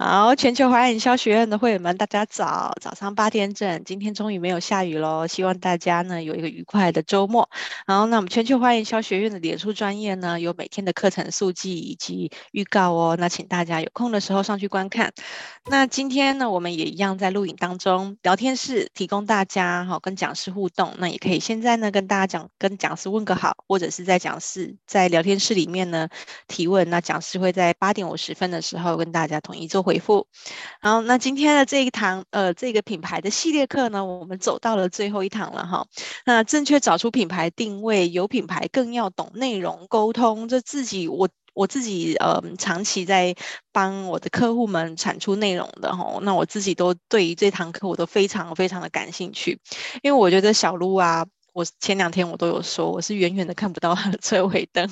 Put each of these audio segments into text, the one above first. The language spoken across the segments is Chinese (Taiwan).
好，全球華人營銷學院的會員們，大家早！早上八點整，今天終於沒有下雨嘍，希望大家呢有一個愉快的周末。好，那我們全球華人營銷學院的臉書專業呢，有每天的課程速記以及預告哦，那請大家有空的時候上去觀看。那今天呢，我們也一樣在錄影當中，聊天室提供大家哈、哦、跟講師互動，那也可以現在呢跟大家講跟講師問個好，或者是在講師在聊天室裡面呢提問，那講師會在八點五十分的時候跟大家統一做。回復，然後那今天的這一堂，呃，這個品牌的系列課呢，我們走到了最後一堂了哈。那正確找出品牌定位，有品牌更要懂內容溝通，這自己我我自己呃，長期在幫我的客戶們產出內容的哈。那我自己都對於這堂課我都非常非常的感興趣，因為我覺得小嚕啊，我前兩天我都有說，我是遠遠的看不到他的車尾燈。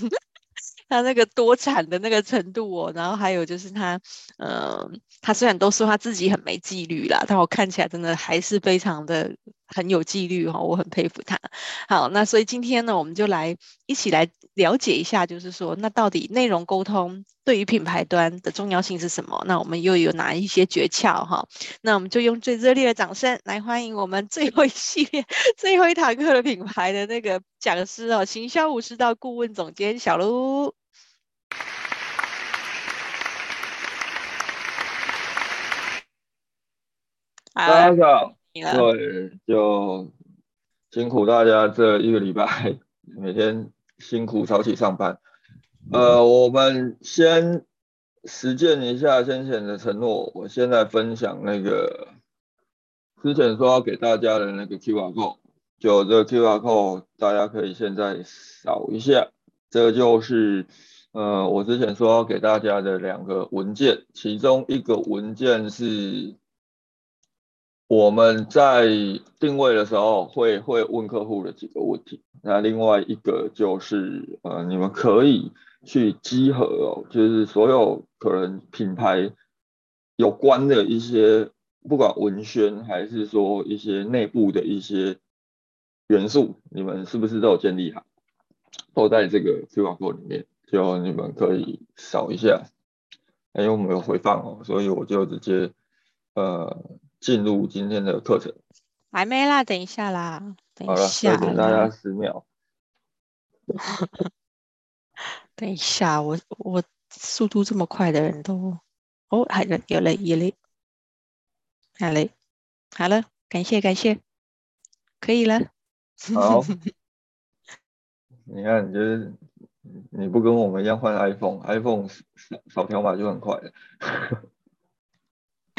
他那個多產的那個程度哦，然後還有就是他，嗯、呃，他雖然都說他自己很沒紀律啦，但我看起來真的還是非常的很有紀律哈、哦，我很佩服他。好，那所以今天呢，我們就來一起來。了解一下，就是說，那到底內容溝通對於品牌端的重要性是什麼？那我們又有哪一些訣竅哈？那我們就用最熱烈的掌聲來歡迎我們最後一系列最後一堂課的品牌的那個講師哦，行銷武士道顧問總監小嚕。大家好，對，就辛苦大家這一個禮拜每天。辛苦早起上班，呃，我們先實踐一下先前的承諾。我現在分享那個之前說要給大家的那個 QR code，就這個 QR code 大家可以現在掃一下。這個就是呃，我之前說要給大家的兩個文件，其中一個文件是。我們在定位的時候會會問客戶的幾個問題，那另外一個就是，呃，你們可以去集合哦，就是所有可能品牌有關的一些，不管文宣還是說一些內部的一些元素，你們是不是都有建立好？都在這個 QR code 裡面，就你們可以掃一下。哎，我沒有回放哦，所以我就直接，呃。進入今天的課程，還沒啦，等一下啦，等一下啦，好了，再給大家十秒， 等一下，我我速度這麼快的人都，哦，還有有了一嘞，好嘞，好了，感謝感謝，可以了，好， 你看你就是、你不跟我們一樣換 iPhone，iPhone 掃條碼就很快了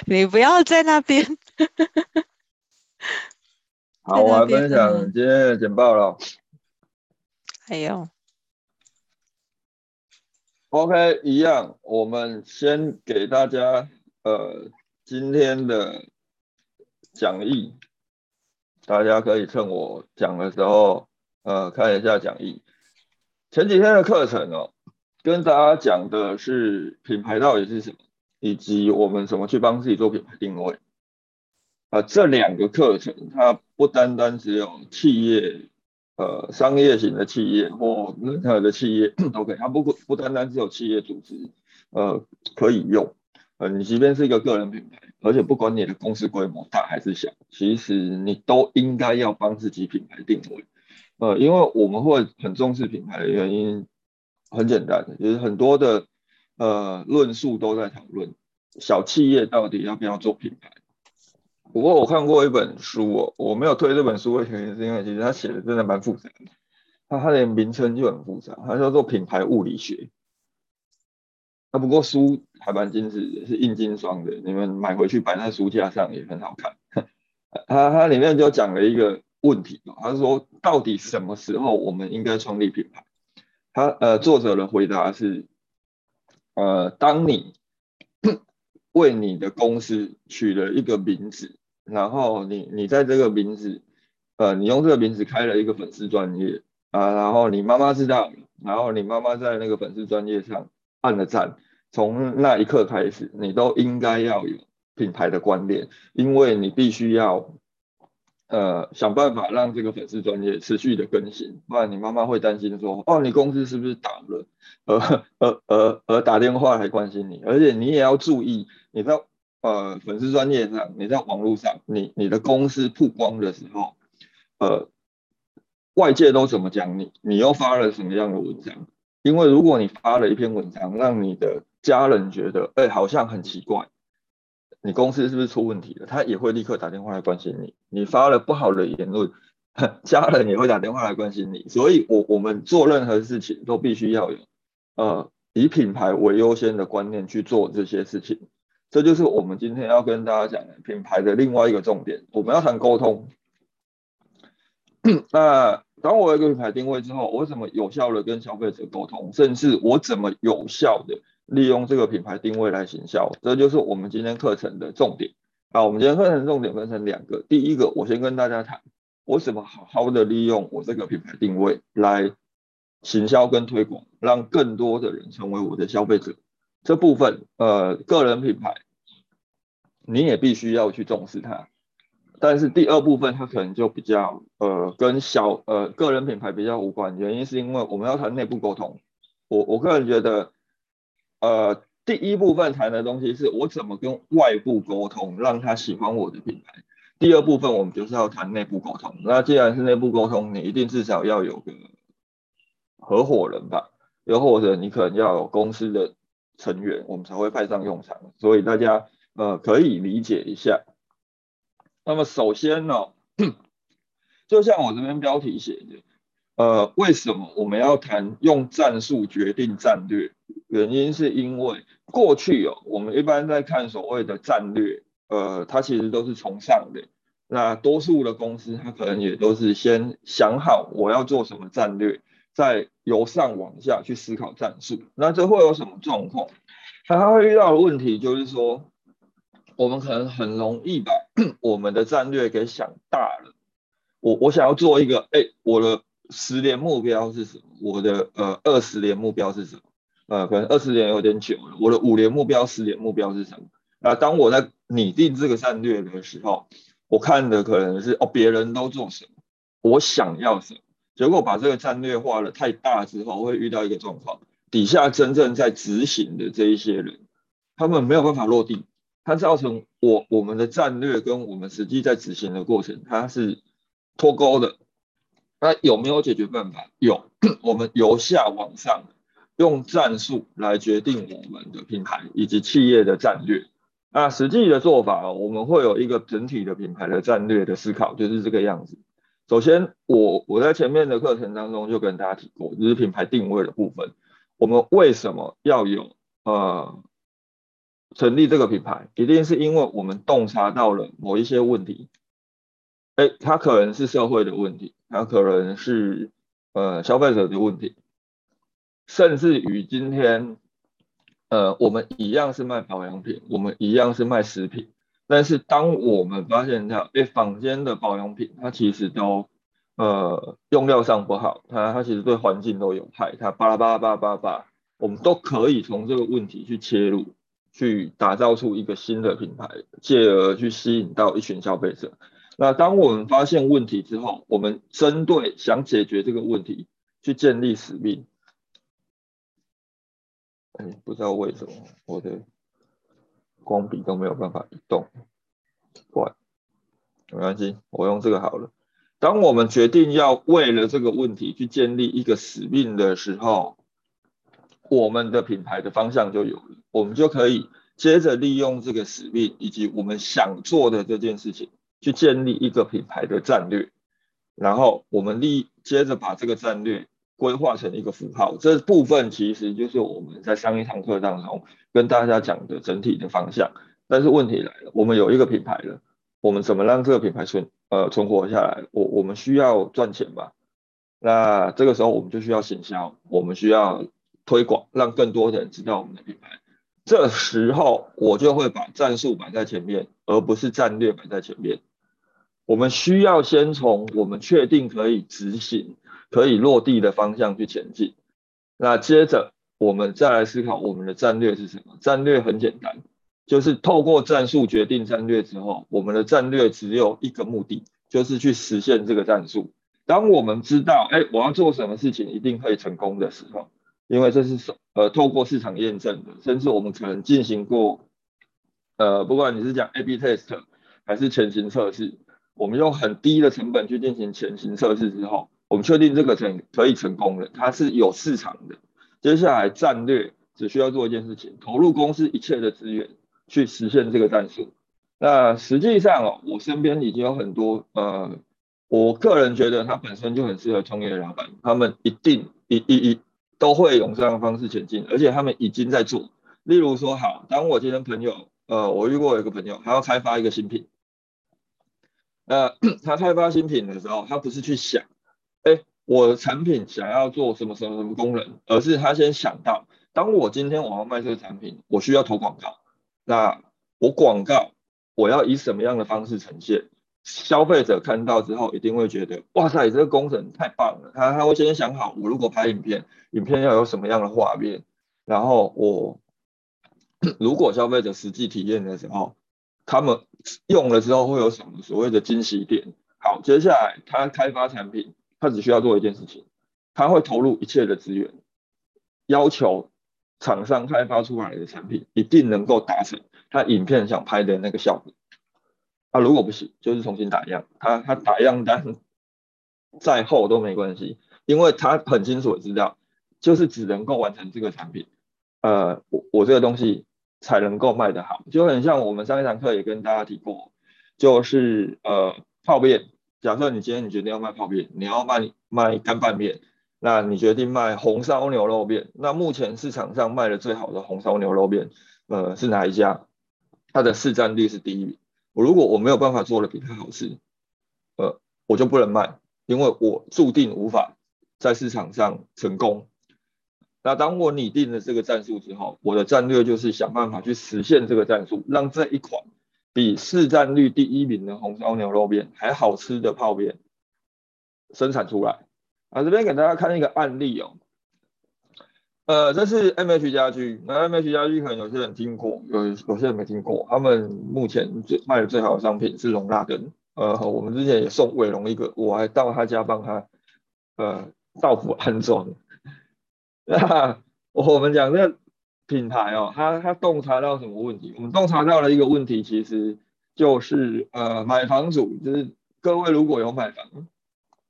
你不要在那邊 。好，我來分享今天的簡報了。哎呦。OK，一樣。我們先給大家呃今天的講義，大家可以趁我講的時候呃看一下講義。前幾天的課程哦，跟大家講的是品牌到底是什麼。以及我們怎麼去幫自己做品牌定位啊、呃，這兩個課程它不單單只有企業，呃，商業型的企業或任何的企業都可以。它不不單單只有企業組織，呃，可以用。呃，你即便是一個個人品牌，而且不管你的公司規模大還是小，其實你都應該要幫自己品牌定位。呃，因為我們會很重視品牌的原因，很簡單，就是很多的。呃，論述都在討論小企業到底要不要做品牌。不過我看過一本書哦，我沒有推這本書，為什麼？是因為其實他寫的真的蠻複雜的，他他的名稱就很複雜，他叫做《品牌物理學》啊。它不過書還蠻精緻的，是硬精裝的，你們買回去擺在書架上也很好看。它它裡面就講了一個問題，他說到底什麼時候我們應該創立品牌？它呃，作者的回答是，呃，當你為你的公司取了一個名字，然後你你在這個名字，呃，你用這個名字開了一個粉絲專頁啊，然後你媽媽知道，然後你媽媽在那個粉絲專頁上按了讚，從那一刻開始，你都應該要有品牌的觀念，因為你必須要。呃，想辦法讓這個粉絲專頁持續的更新，不然你媽媽會擔心說，哦，你公司是不是倒了，呃，呃，呃，呃，打電話來關心你，而且你也要注意你在呃粉絲專頁上，你在網絡上，你你的公司曝光的時候，呃，外界都怎麼講你，你又發了什麼樣的文章？因為如果你發了一篇文章，讓你的家人覺得，哎、欸，好像很奇怪。你公司是不是出問題了？他也會立刻打電話來關心你。你發了不好的言論，家人也會打電話來關心你。所以我，我我們做任何事情都必須要有，呃，以品牌為優先的觀念去做這些事情。這就是我們今天要跟大家講的品牌的另外一個重點。我們要談溝通。 那當我有一個品牌定位之後，我怎麼有效的跟消費者溝通？甚至我怎麼有效的？利用這個品牌定位來行銷，這就是我們今天課程的重點。好，啊，我們今天課程重點分成兩個。第一個，我先跟大家談，我怎麼好好的利用我這個品牌定位來行銷跟推廣，讓更多的人成為我的消費者。這部分，呃，個人品牌你也必須要去重視它。但是第二部分，它可能就比較，呃，跟小，呃，個人品牌比較無關。原因是因為我們要談內部溝通。我我個人覺得。呃，第一部分談的東西是我怎麼跟外部溝通，讓他喜歡我的品牌。第二部分我們就是要談內部溝通。那既然是內部溝通，你一定至少要有個合夥人吧，又或者你可能要有公司的成員，我們才會派上用場。所以大家呃可以理解一下。那麼首先呢，哦，就像我這邊標題寫的，呃，為什麼我們要談用戰術決定戰略？原因是因為過去哦，我們一般在看所謂的戰略，呃，它其實都是從上的。那多數的公司，它可能也都是先想好我要做什麼戰略，再由上往下去思考戰術。那這會有什麼狀況？它會遇到的問題就是說，我們可能很容易把我們的戰略給想大了。我我想要做一個，哎、欸，我的十年目標是什麼？我的呃二十年目標是什麼？呃，可能二十年有點久了。我的五年目標、十年目標是什麼？啊、呃，當我在擬定這個戰略的時候，我看的可能是哦，別人都做什麼，我想要什麼。結果把這個戰略畫了太大之後，會遇到一個狀況：底下真正在執行的這一些人，他們沒有辦法落地。他造成我我們的戰略跟我們實際在執行的過程，他是脫鈎的。那有沒有解決辦法？有，我們由下往上。用戰術來決定我們的品牌以及企業的戰略。那實際的做法哦，我們會有一個整體的品牌的戰略的思考，就是這個樣子。首先，我我在前面的課程當中就跟大家提過，就是品牌定位的部分。我們為什麼要有呃成立這個品牌，一定是因為我們洞察到了某一些問題。哎，它可能是社會的問題，它可能是呃消費者的問題。甚至於今天，呃，我們一樣是賣保養品，我們一樣是賣食品。但是，當我們發現，它，欸，坊間的保養品，它其實都，呃，用料上不好，它它其實對環境都有害，它巴拉巴拉巴拉巴拉巴巴。我們都可以從這個問題去切入，去打造出一個新的品牌，進而去吸引到一群消費者。那當我們發現問題之後，我們針對想解決這個問題，去建立使命。哎，不知道為什麼我的光筆都沒有辦法移動。哇，沒關係，我用這個好了。當我們決定要為了這個問題去建立一個使命的時候，我們的品牌的方向就有了，我們就可以接着利用這個使命以及我們想做的這件事情，去建立一個品牌的戰略。然後我們立接着把這個戰略。規劃成一個符號，這部分其實就是我們在上一堂課當中跟大家講的整體的方向。但是問題來了，我們有一個品牌了，我們怎麼讓這個品牌存呃存活下來？我我們需要賺錢吧？那這個時候我們就需要行銷，我們需要推廣，讓更多的人知道我們的品牌。這時候我就會把戰術擺在前面，而不是戰略擺在前面。我們需要先從我們確定可以執行。可以落地的方向去前進。那接着，我們再來思考我們的戰略是什麼？戰略很簡單，就是透過戰術決定戰略之後，我們的戰略只有一個目的，就是去實現這個戰術。當我們知道，哎、欸，我要做什麼事情一定可以成功的時候，因為這是呃透過市場驗證的，甚至我們可能進行過，呃，不管你是講 A/B test 還是前行測試，我們用很低的成本去進行前行測試之後。我們確定這個成可以成功的，它是有市場的。接下來戰略只需要做一件事情，投入公司一切的資源去實現這個戰術。那實際上哦，我身邊已經有很多呃，我個人覺得他本身就很適合創業的老闆，他們一定一一一都會用這樣的方式前進，而且他們已經在做。例如說，好，當我今天朋友呃，我遇過一個朋友，他要開發一個新品。那、呃、他開發新品的時候，他不是去想。哎，我的產品想要做什麼什麼什麼功能，而是他先想到，當我今天我要賣這個產品，我需要投廣告，那我廣告我要以什麼樣的方式呈現？消費者看到之後一定會覺得，哇塞，這個功能太棒了。他他會先想好，我如果拍影片，影片要有什麼樣的畫面，然後我如果消費者實際體驗的時候，他們用了之後會有什麼所謂的驚喜點？好，接下來他開發產品。他只需要做一件事情，他會投入一切的資源，要求廠商開發出來的產品一定能夠達成他影片想拍的那個效果。他、啊、如果不行，就是重新打樣。他他打樣單再厚都沒關係，因為他很清楚知道，就是只能夠完成這個產品。呃，我我這個東西才能夠賣得好，就很像我們上一堂課也跟大家提過，就是呃泡麵。假設你今天你決定要賣泡麵，你要賣賣乾拌麵，那你決定賣紅燒牛肉麵。那目前市場上賣的最好的紅燒牛肉麵，呃，是哪一家？它的市占率是第一名。我如果我沒有辦法做得比它好吃，呃，我就不能賣，因為我注定無法在市場上成功。那當我擬定了這個戰術之後，我的戰略就是想辦法去實現這個戰術，讓這一款。比市占率第一名的紅燒牛肉麵還好吃的泡麵，生產出來啊！這邊給大家看一個案例哦。呃，這是 MH 家居，那 MH 家居可能有些人聽過，有有些人沒聽過。他們目前最賣的最好的商品是龍辣根。呃，我們之前也送偉龍一個，我還到他家幫他呃到府安裝。哈哈，我們講這。品牌哦，他他洞察到什麼問題？我們洞察到了一個問題，其實就是呃，買房主，就是各位如果有買房，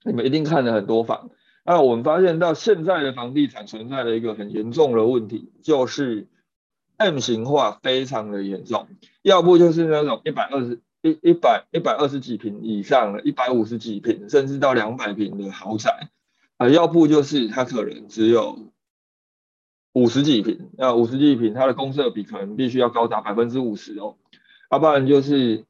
你們一定看了很多房。那我們發現到現在的房地產存在的一個很嚴重的問題，就是 M 型化非常的嚴重。要不就是那種120一百二十一一百一百二十幾平以上的一百五十幾平，甚至到兩百平的豪宅，啊，要不就是它可能只有。五十幾平，啊，五十幾平，它的公設比可能必須要高達百分之五十哦，要、啊、不然就是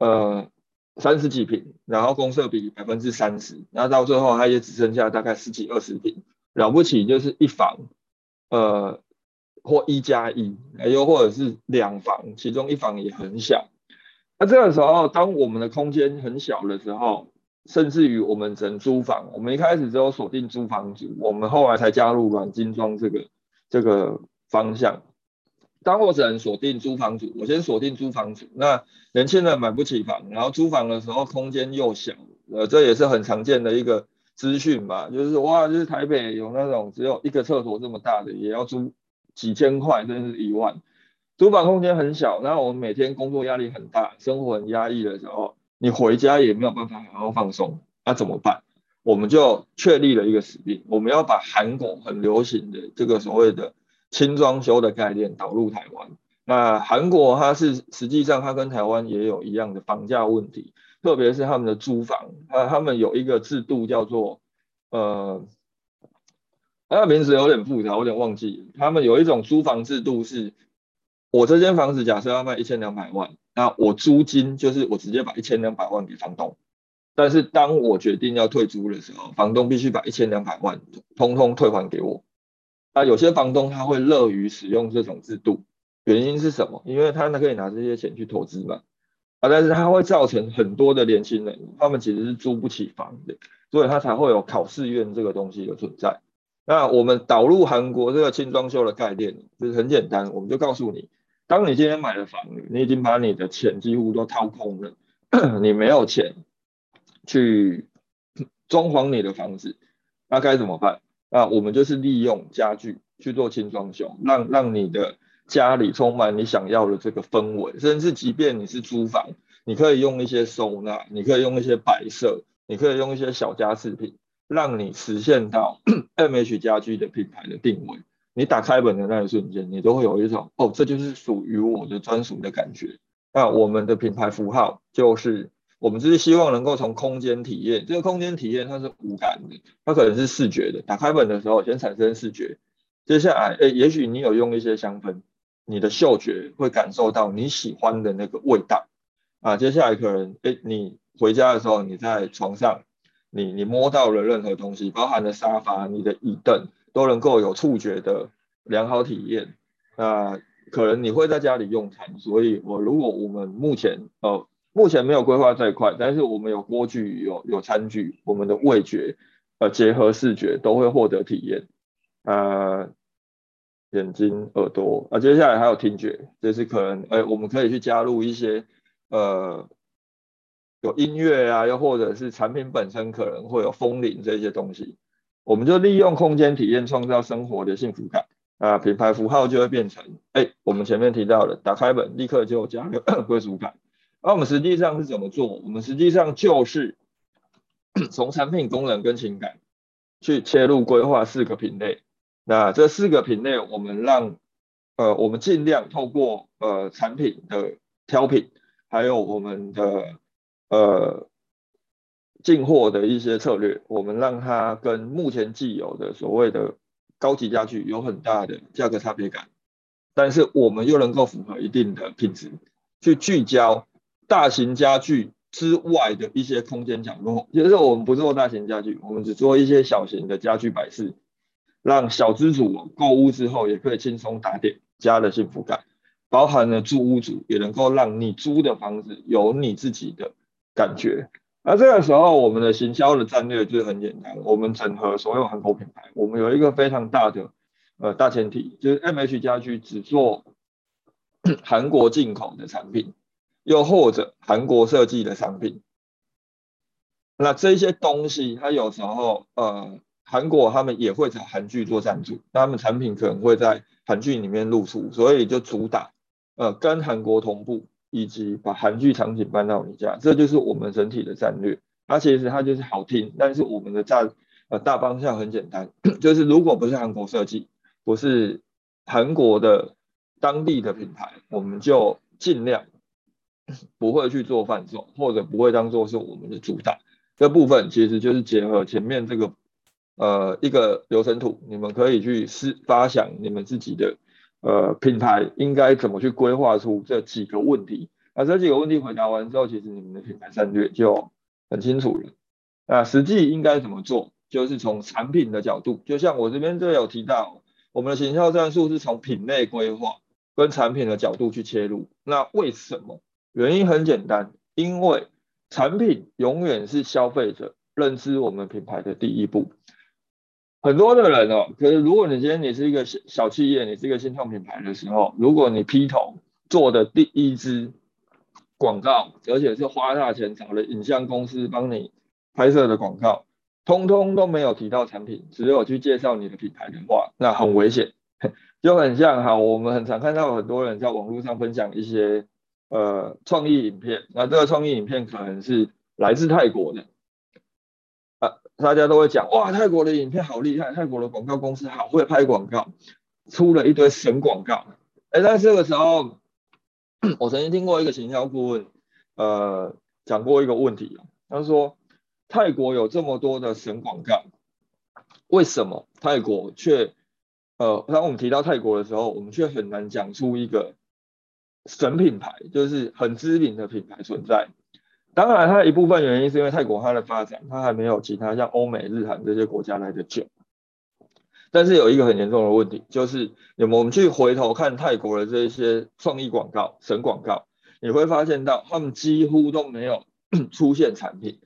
呃三十幾平，然後公設比百分之三十，然後到最後它也只剩下大概十幾二十平，了不起就是一房，呃或一加一，哎又或者是兩房，其中一房也很小，那這個時候當我們的空間很小的時候，甚至於我們只能租房，我們一開始只有鎖定租房子，我們後來才加入軟精裝這個。這個方向，當我只能鎖定租房子。我先鎖定租房子。那年輕人買不起房，然後租房的時候空間又小，呃，這也是很常見的一個資訊吧，就是哇，就是台北有那種只有一個廁所這麼大的，也要租幾千塊，甚至一萬。租房空間很小，然後我們每天工作壓力很大，生活很壓抑的時候，你回家也沒有辦法好好放鬆，那、啊、怎麼辦？我們就確立了一個使命，我們要把韓國很流行的這個所謂的輕裝修的概念導入台灣。那韓國它是實際上它跟台灣也有一樣的房價問題，特別是他們的租房，啊，他們有一個制度叫做呃，他的名字有點複雜，我有點忘記，他們有一種租房制度是，我這間房子假設要賣一千兩百萬，那我租金就是我直接把一千兩百萬給房東。但是當我決定要退租的時候，房東必須把一千兩百萬通通退還給我。那有些房東他會樂於使用這種制度，原因是什麼？因為他可以拿這些錢去投資嘛。啊，但是他會造成很多的年輕人，他們其實是租不起房的，所以他才會有考試院這個東西的存在。那我們導入韓國這個輕裝修的概念，就是很簡單，我們就告訴你，當你今天買了房，你已經把你的錢幾乎都掏空了，你沒有錢。去裝潢你的房子，那該怎麼辦？那我們就是利用家具去做輕裝修，讓讓你的家裡充滿你想要的這個氛圍。甚至即便你是租房，你可以用一些收納，你可以用一些擺設，你可以用一些小家飾品，讓你實現到 MH 家居的品牌的定位。你打開門的那一瞬間，你都會有一種哦，這就是屬於我的專屬的感覺。那我們的品牌符號就是。我們只是希望能夠從空間體驗，這個空間體驗它是五感的，它可能是視覺的，打開本的時候先產生視覺，接下來誒，也許你有用一些香氛，你的嗅覺會感受到你喜歡的那個味道，啊，接下來可能誒，你回家的時候你在床上，你你摸到了任何東西，包含了沙發、你的椅凳都能夠有觸覺的良好體驗，那、啊、可能你會在家裡用餐，所以我如果我們目前哦。呃目前沒有規劃這一塊，但是我們有鍋具，有有餐具，我們的味覺，呃，結合視覺都會獲得體驗。呃，眼睛、耳朵，啊、呃，接下來還有聽覺，這、就是可能，哎、欸，我們可以去加入一些，呃，有音樂啊，又或者是產品本身可能會有風鈴這些東西，我們就利用空間體驗創造生活的幸福感。啊、呃，品牌符號就會變成，哎、欸，我們前面提到的，打開門立刻就有加入，的歸屬感。那我們實際上是怎麼做？我們實際上就是從產品功能跟情感去切入規劃四個品類。那這四個品類，我們讓呃我們儘量透過呃產品的挑品，還有我們的呃進貨的一些策略，我們讓它跟目前既有的所謂的高級家具有很大的價格差別感，但是我們又能夠符合一定的品質，去聚焦，大型家具之外的一些空間角落，其實我們不做大型家具，我們只做一些小型的家具擺設，讓小資主購物之後也可以輕鬆打點家的幸福感，包含了住屋主也能夠讓你租的房子有你自己的感覺。那這個時候我們的行銷的戰略就是很簡單，我們整合所有韓國品牌，我們有一個非常大的呃大前提，就是 MH 家具只做韓國進口的產品。又或者韓國設計的商品，那這些東西它有時候呃，韓國他們也會找韓劇做贊助，那他們產品可能會在韓劇裡面露出，所以就主打呃跟韓國同步，以及把韓劇場景搬到你家，這就是我們整體的戰略。它、啊、其實它就是好聽，但是我們的戰呃大方向很簡單，就是如果不是韓國設計，不是韓國的當地的品牌，我們就盡量。不會去做販售，或者不會當做是我們的主打這部分，其實就是結合前面這個呃一個流程圖，你們可以去思發想你們自己的呃品牌應該怎麼去規劃出這幾個問題。那這幾個問題回答完之後，其實你們的品牌戰略就很清楚了。那實際應該怎麼做？就是從產品的角度，就像我這邊就有提到，我們的行銷戰術是從品類規劃跟產品的角度去切入。那為什麼？原因很簡單，因為產品永遠是消費者認知我們品牌的第一步。很多的人哦，可是如果你今天你是一個小小企業，你是一個新創品牌的時候，如果你劈頭做的第一支廣告，而且是花大錢找了影像公司幫你拍攝的廣告，通通都沒有提到產品，只有去介紹你的品牌的話，那很危險。 就很像哈，我們很常看到很多人在網絡上分享一些。呃，創意影片，那這個創意影片可能是來自泰國的，啊、呃，大家都會講，哇，泰國的影片好厲害，泰國的廣告公司好會拍廣告，出了一堆神廣告。哎、欸，在這個時候，我曾經聽過一個行銷顧問，呃，講過一個問題，他說，泰國有這麼多的神廣告，為什麼泰國卻，呃，當我們提到泰國的時候，我們卻很難講出一個。神品牌，就是很知名的品牌存在。當然它一部分原因是因為泰國它的發展，它還沒有其他像歐美、日韓這些國家來得久。但是有一個很嚴重的問題，就是你們我們去回頭看泰國的這一些創意廣告、神廣告，你會發現到他們幾乎都沒有 出現產品。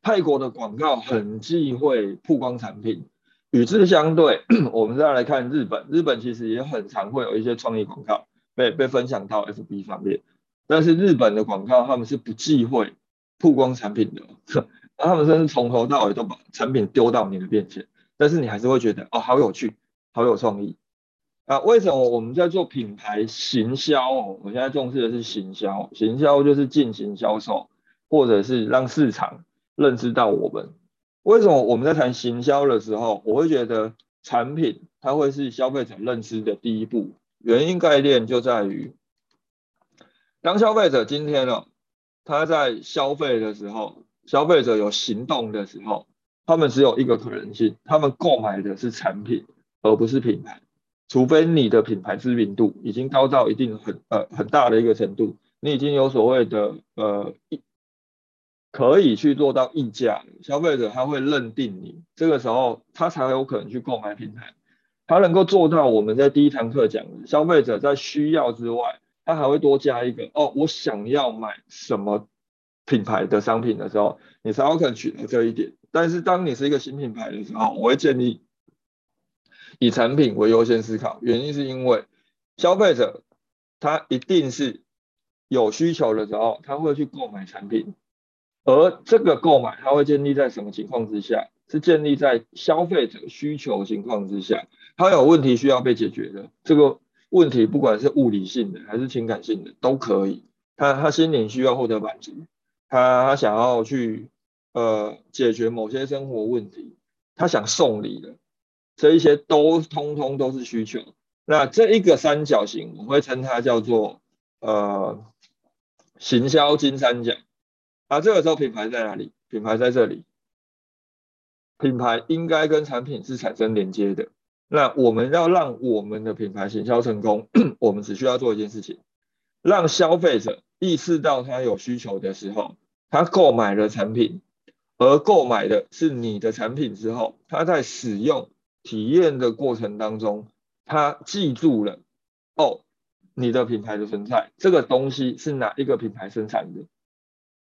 泰國的廣告很忌諱曝光產品，與之相對，我們再來看日本，日本其實也很常會有一些創意廣告。被被分享到 FB 上面，但是日本的廣告他們是不忌諱曝光產品的，那他們甚至從頭到尾都把產品丟到你的面前，但是你還是會覺得哦，好有趣，好有創意啊！為什麼我們在做品牌行銷？我現在重視的是行銷，行銷就是進行銷售，或者是讓市場認知到我們。為什麼我們在談行銷的時候，我會覺得產品它會是消費者認知的第一步。原因概念就在於，當消費者今天呢、哦，他在消費的時候，消費者有行動的時候，他們只有一個可能性，他們購買的是產品，而不是品牌。除非你的品牌知名度已經高到一定很呃很大的一個程度，你已經有所謂的呃一可以去做到溢價，消費者他會認定你，這個時候他才有可能去購買品牌。他能夠做到我們在第一堂課講，消費者在需要之外，他還會多加一個哦，我想要買什麼品牌的商品的時候，你才要肯取得這一點。但是當你是一個新品牌的時候，我會建立以產品為優先思考，原因是因為消費者他一定是有需求的時候，他會去購買產品，而這個購買他會建立在什麼情況之下？是建立在消費者需求情況之下。他有問題需要被解決的這個問題，不管是物理性的還是情感性的，都可以。他他心靈需要獲得滿足，他他想要去呃解決某些生活問題，他想送禮的，這一些都通通都是需求。那這一個三角形，我會稱它叫做呃行銷金三角。啊，這個時候品牌在哪裡？品牌在這裡，品牌應該跟產品是產生連接的。那我們要讓我們的品牌行銷成功， 我們只需要做一件事情：讓消費者意識到他有需求的時候，他購買了產品，而購買的是你的產品之後，他在使用體驗的過程當中，他記住了哦，你的品牌的存在，這個東西是哪一個品牌生產的。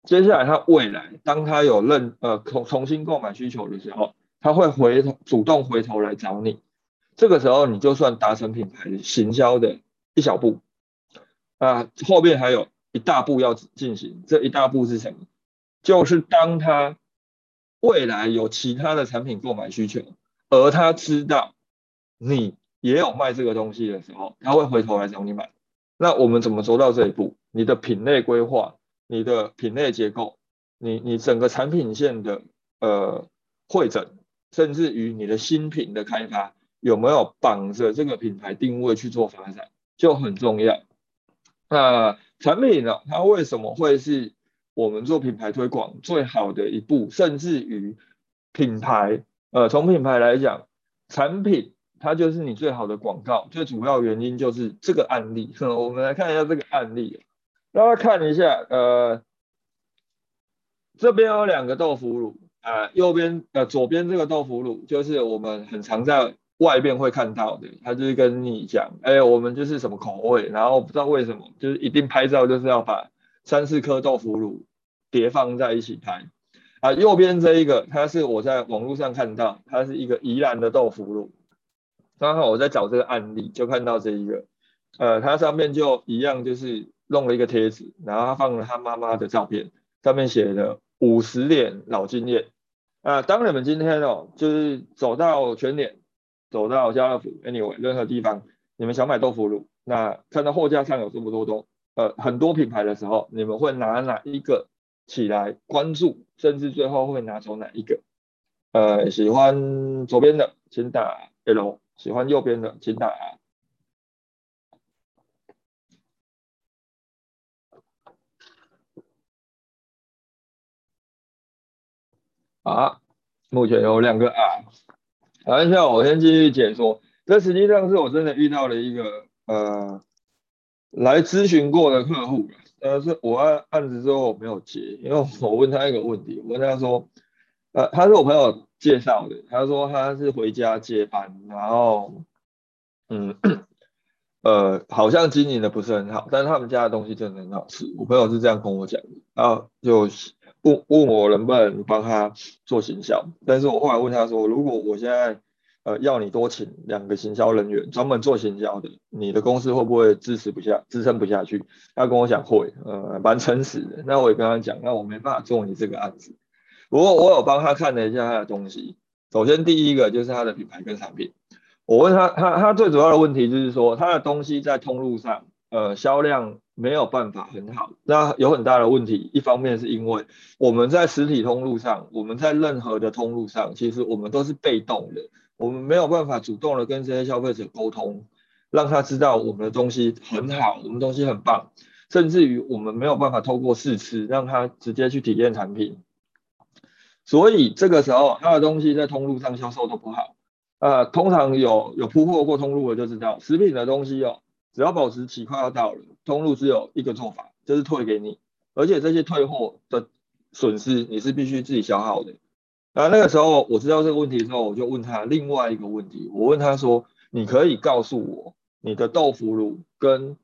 接下來，他未來當他有認呃重重新購買需求的時候，他會回頭主動回頭來找你。這個時候，你就算達成品牌行銷的一小步，啊，後面還有一大步要進行。這一大步是什麼？就是當他未來有其他的產品購買需求，而他知道你也有賣這個東西的時候，他會回頭來找你買。那我們怎麼走到這一步？你的品類規劃、你的品類結構、你、你整個產品線的呃會診，甚至於你的新品的開發。有沒有綁着這個品牌定位去做發展就很重要。那、呃、產品呢、哦，它為什麼會是我們做品牌推廣最好的一步？甚至於品牌，呃，從品牌來講，產品它就是你最好的廣告。最主要原因就是這個案例。我們來看一下這個案例，大家看一下，呃，這邊有兩個豆腐乳，啊、呃，右邊呃左邊這個豆腐乳就是我們很常在。外邊會看到的，他就是跟你講，哎，我們就是什麼口味，然後不知道為什麼，就是一定拍照，就是要把三四顆豆腐乳疊放在一起拍。啊、呃，右邊這一個，它是我在網絡上看到，它是一個宜蘭的豆腐乳。剛好我在找這個案例，就看到這一個，呃，它上面就一樣，就是弄了一個貼紙，然後他放了他媽媽的照片，上面寫了五十年老經驗。啊、呃，當你們今天哦，就是走到全臉。走到家樂福，anyway，任何地方，你們想買豆腐乳，那看到貨架上有這麼多東，呃，很多品牌的時候，你們會拿哪一個起來關注，甚至最後會拿走哪一個？呃，喜歡左邊的請打 L，喜歡右邊的請打 R。好，目前有兩個啊。等一下，我先繼續解說。這實際上是我真的遇到了一個呃，來諮詢過的客戶。呃，是我按案子之後我沒有接，因為我問他一個問題，我問他說，呃，他是我朋友介紹的，他說他是回家接班，然後，嗯，呃，好像經營的不是很好，但是他們家的東西真的很好吃。我朋友是這樣跟我講的。然後就是。問問我能不能幫他做行銷，但是我後來問他說，如果我現在呃要你多請兩個行銷人員專門做行銷的，你的公司會不會支持不下支撐不下去？他跟我講會，呃，蠻誠實的。那我也跟他講，那我沒辦法做你這個案子。不過我有幫他看了一下他的東西，首先第一個就是他的品牌跟產品。我問他，他他最主要的問題就是說他的東西在通路上，呃，銷量。沒有辦法很好，那有很大的問題。一方面是因為我們在實體通路上，我們在任何的通路上，其實我們都是被動的，我們沒有辦法主動的跟這些消費者溝通，讓他知道我們的東西很好，我們的東西很棒，甚至於我們沒有辦法透過試吃讓他直接去體驗產品。所以這個時候，他的東西在通路上銷售都不好。呃，通常有有鋪貨過通路的就知道，食品的東西哦，只要保質期快要到了。通路只有一個做法，就是退給你，而且這些退貨的損失你是必須自己消耗的。啊，那個時候我知道這個問題的時候，我就問他另外一個問題，我問他說：“你可以告訴我你的豆腐乳跟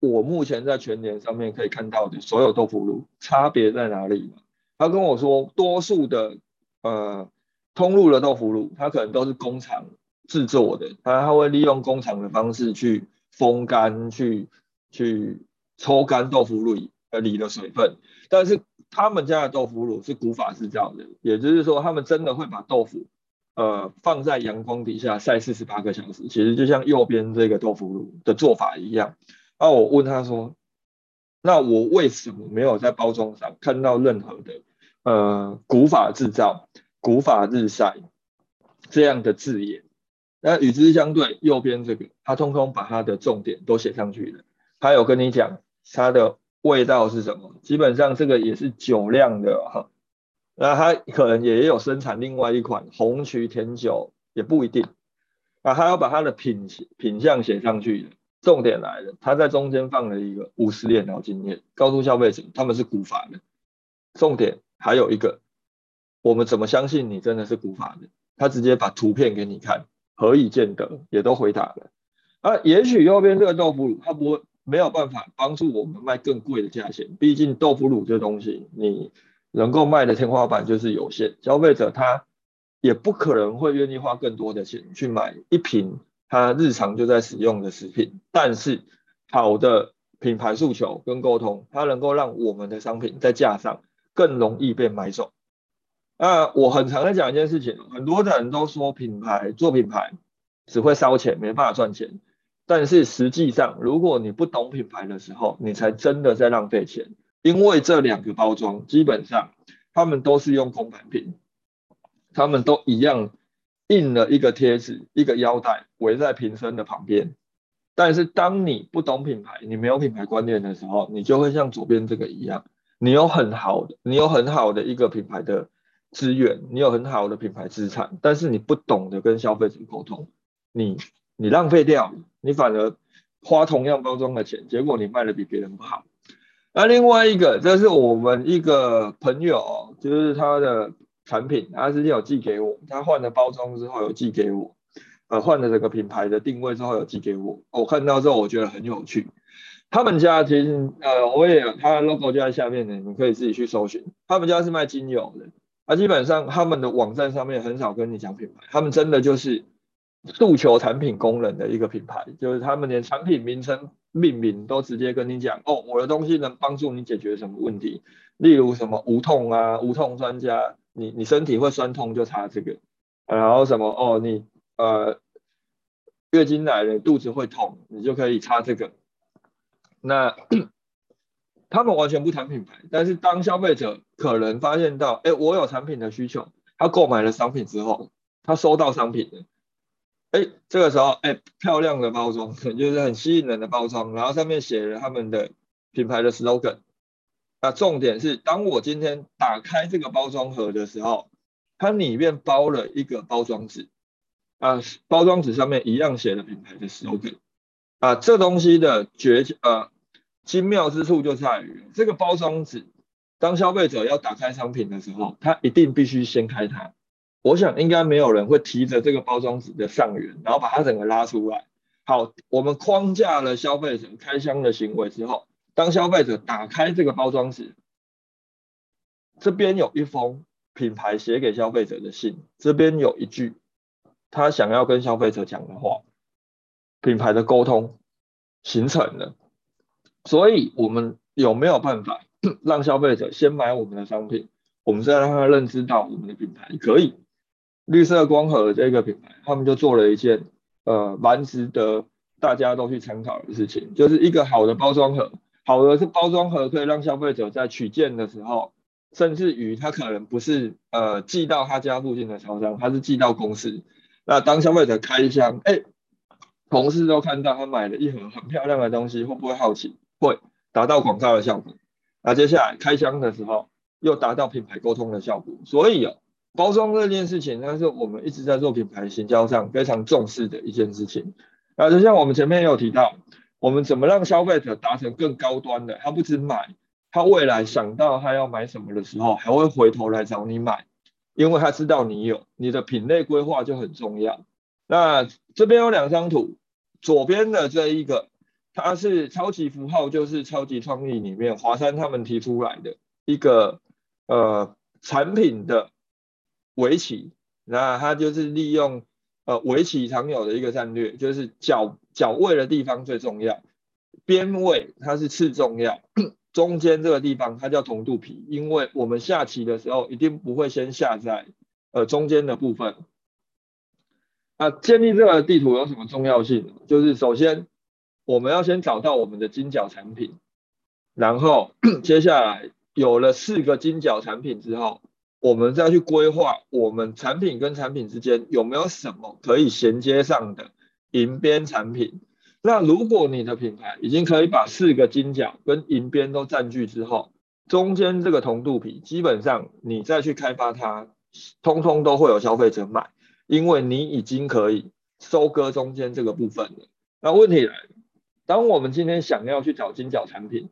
我目前在全聯上面可以看到的所有豆腐乳差別在哪裡嗎？”他跟我說，多數的呃通路的豆腐乳，它可能都是工廠製作的，它它會利用工廠的方式去風乾去。去抽乾豆腐乳呃裡的水分，但是他們家的豆腐乳是古法製造的，也就是說他們真的會把豆腐呃放在陽光底下曬四十八個小時，其實就像右邊這個豆腐乳的做法一樣、啊。那我問他說，那我為什麼沒有在包裝上看到任何的呃古法製造、古法日曬這樣的字眼？那與之相對，右邊這個他通通把他的重點都寫上去了。他有跟你講它的味道是什麼？基本上這個也是酒量的哈、啊。那他可能也有生產另外一款紅曲甜酒，也不一定、啊。那他要把他的品品相寫上去。重點來了，他在中間放了一個五十年的老經驗，告訴消費者他們是古法的。重點還有一個，我們怎麼相信你真的是古法的？他直接把圖片給你看，何以見得？也都回答了。啊，也許右邊這個豆腐乳，他不會。沒有辦法幫助我們賣更貴的價錢，畢竟豆腐乳這東西，你能夠賣的天花板就是有限。消費者他也不可能會願意花更多的錢去買一瓶他日常就在使用的食品。但是好的品牌訴求跟溝通，它能夠讓我們的商品在架上更容易被買走。那、呃、我很常在講一件事情，很多人都說品牌做品牌只會燒錢，沒辦法賺錢。但是實際上，如果你不懂品牌的時候，你才真的在浪費錢。因為這兩個包裝基本上，他們都是用公版品，他們都一樣印了一個貼紙，一個腰帶圍在瓶身的旁邊。但是當你不懂品牌，你沒有品牌觀念的時候，你就會像左邊這個一樣，你有很好的，你有很好的一個品牌的資源，你有很好的品牌資產，但是你不懂得跟消費者溝通，你你浪費掉。你反而花同樣包裝的錢，結果你賣的比別人不好。那另外一個，這是我們一個朋友，就是他的產品，他之前有寄給我，他換了包裝之後有寄給我，呃，換了這個品牌的定位之後有寄給我。我看到之後我覺得很有趣。他們家其實，呃，我也有，他的 logo 就在下面的，你可以自己去搜尋。他們家是賣精油的，啊，基本上他們的網站上面很少跟你講品牌，他們真的就是。訴求產品功能的一個品牌，就是他們連產品名稱命名都直接跟你講，哦，我的東西能幫助你解決什麼問題，例如什麼無痛啊，無痛專家，你你身體會痠痛就擦這個，然後什麼哦，你呃月經來了肚子會痛，你就可以擦這個。那他們完全不談品牌，但是當消費者可能發現到，哎、欸，我有產品的需求，他購買了商品之後，他收到商品了哎、欸，這個時候，哎、欸，漂亮的包裝，就是很吸引人的包裝，然後上面寫了他們的品牌的 slogan、啊。那重點是，當我今天打開這個包裝盒的時候，它裡面包了一個包裝紙，啊，包裝紙上面一樣寫的品牌的 slogan。啊，這東西的絕呃、啊、精妙之處就在於，這個包裝紙，當消費者要打開商品的時候，他一定必須先開它。我想應該沒有人會提着這個包裝紙的上緣，然後把它整個拉出來。好，我們框架了消費者開箱的行為之後，當消費者打開這個包裝紙，這邊有一封品牌寫給消費者的信，這邊有一句他想要跟消費者講的話，品牌的溝通形成了。所以，我們有沒有辦法讓消費者先買我們的商品？我們再讓他認知到我們的品牌，可以。綠色光合這個品牌，他們就做了一件呃蠻值得大家都去參考的事情，就是一個好的包裝盒，好的是包裝盒可以讓消費者在取件的時候，甚至於他可能不是呃寄到他家附近的超商，他是寄到公司。那當消費者開箱，哎、欸，同事都看到他買了一盒很漂亮的東西，會不會好奇？會，達到廣告的效果。那接下來開箱的時候，又達到品牌溝通的效果。所以啊、哦。包裝這件事情，那是我們一直在做品牌行銷上非常重視的一件事情。啊，就像我們前面有提到，我們怎麼讓消費者達成更高端的？他不止買，他未來想到他要買什麼的時候，還會回頭來找你買，因為他知道你有你的品類規劃，就很重要。那這邊有兩張圖，左邊的這一個，它是超級符號，就是超級創意裡面華山他們提出來的一個，呃，產品的圍棋，那它就是利用呃圍棋常有的一個戰略，就是角角位的地方最重要，邊位它是次重要，中間這個地方它叫同肚皮，因為我們下棋的時候一定不會先下在呃中間的部分。那、呃、建立這個地圖有什麼重要性？就是首先我們要先找到我們的金角產品，然後接下來有了四個金角產品之後。我們再去規劃我們產品跟產品之間有沒有什麼可以銜接上的銀邊產品。那如果你的品牌已經可以把四個金角跟銀邊都佔據之後，中間這個銅肚皮基本上你再去開發它，通通都會有消費者買，因為你已經可以收割中間這個部分了。那問題來了，當我們今天想要去找金角產品。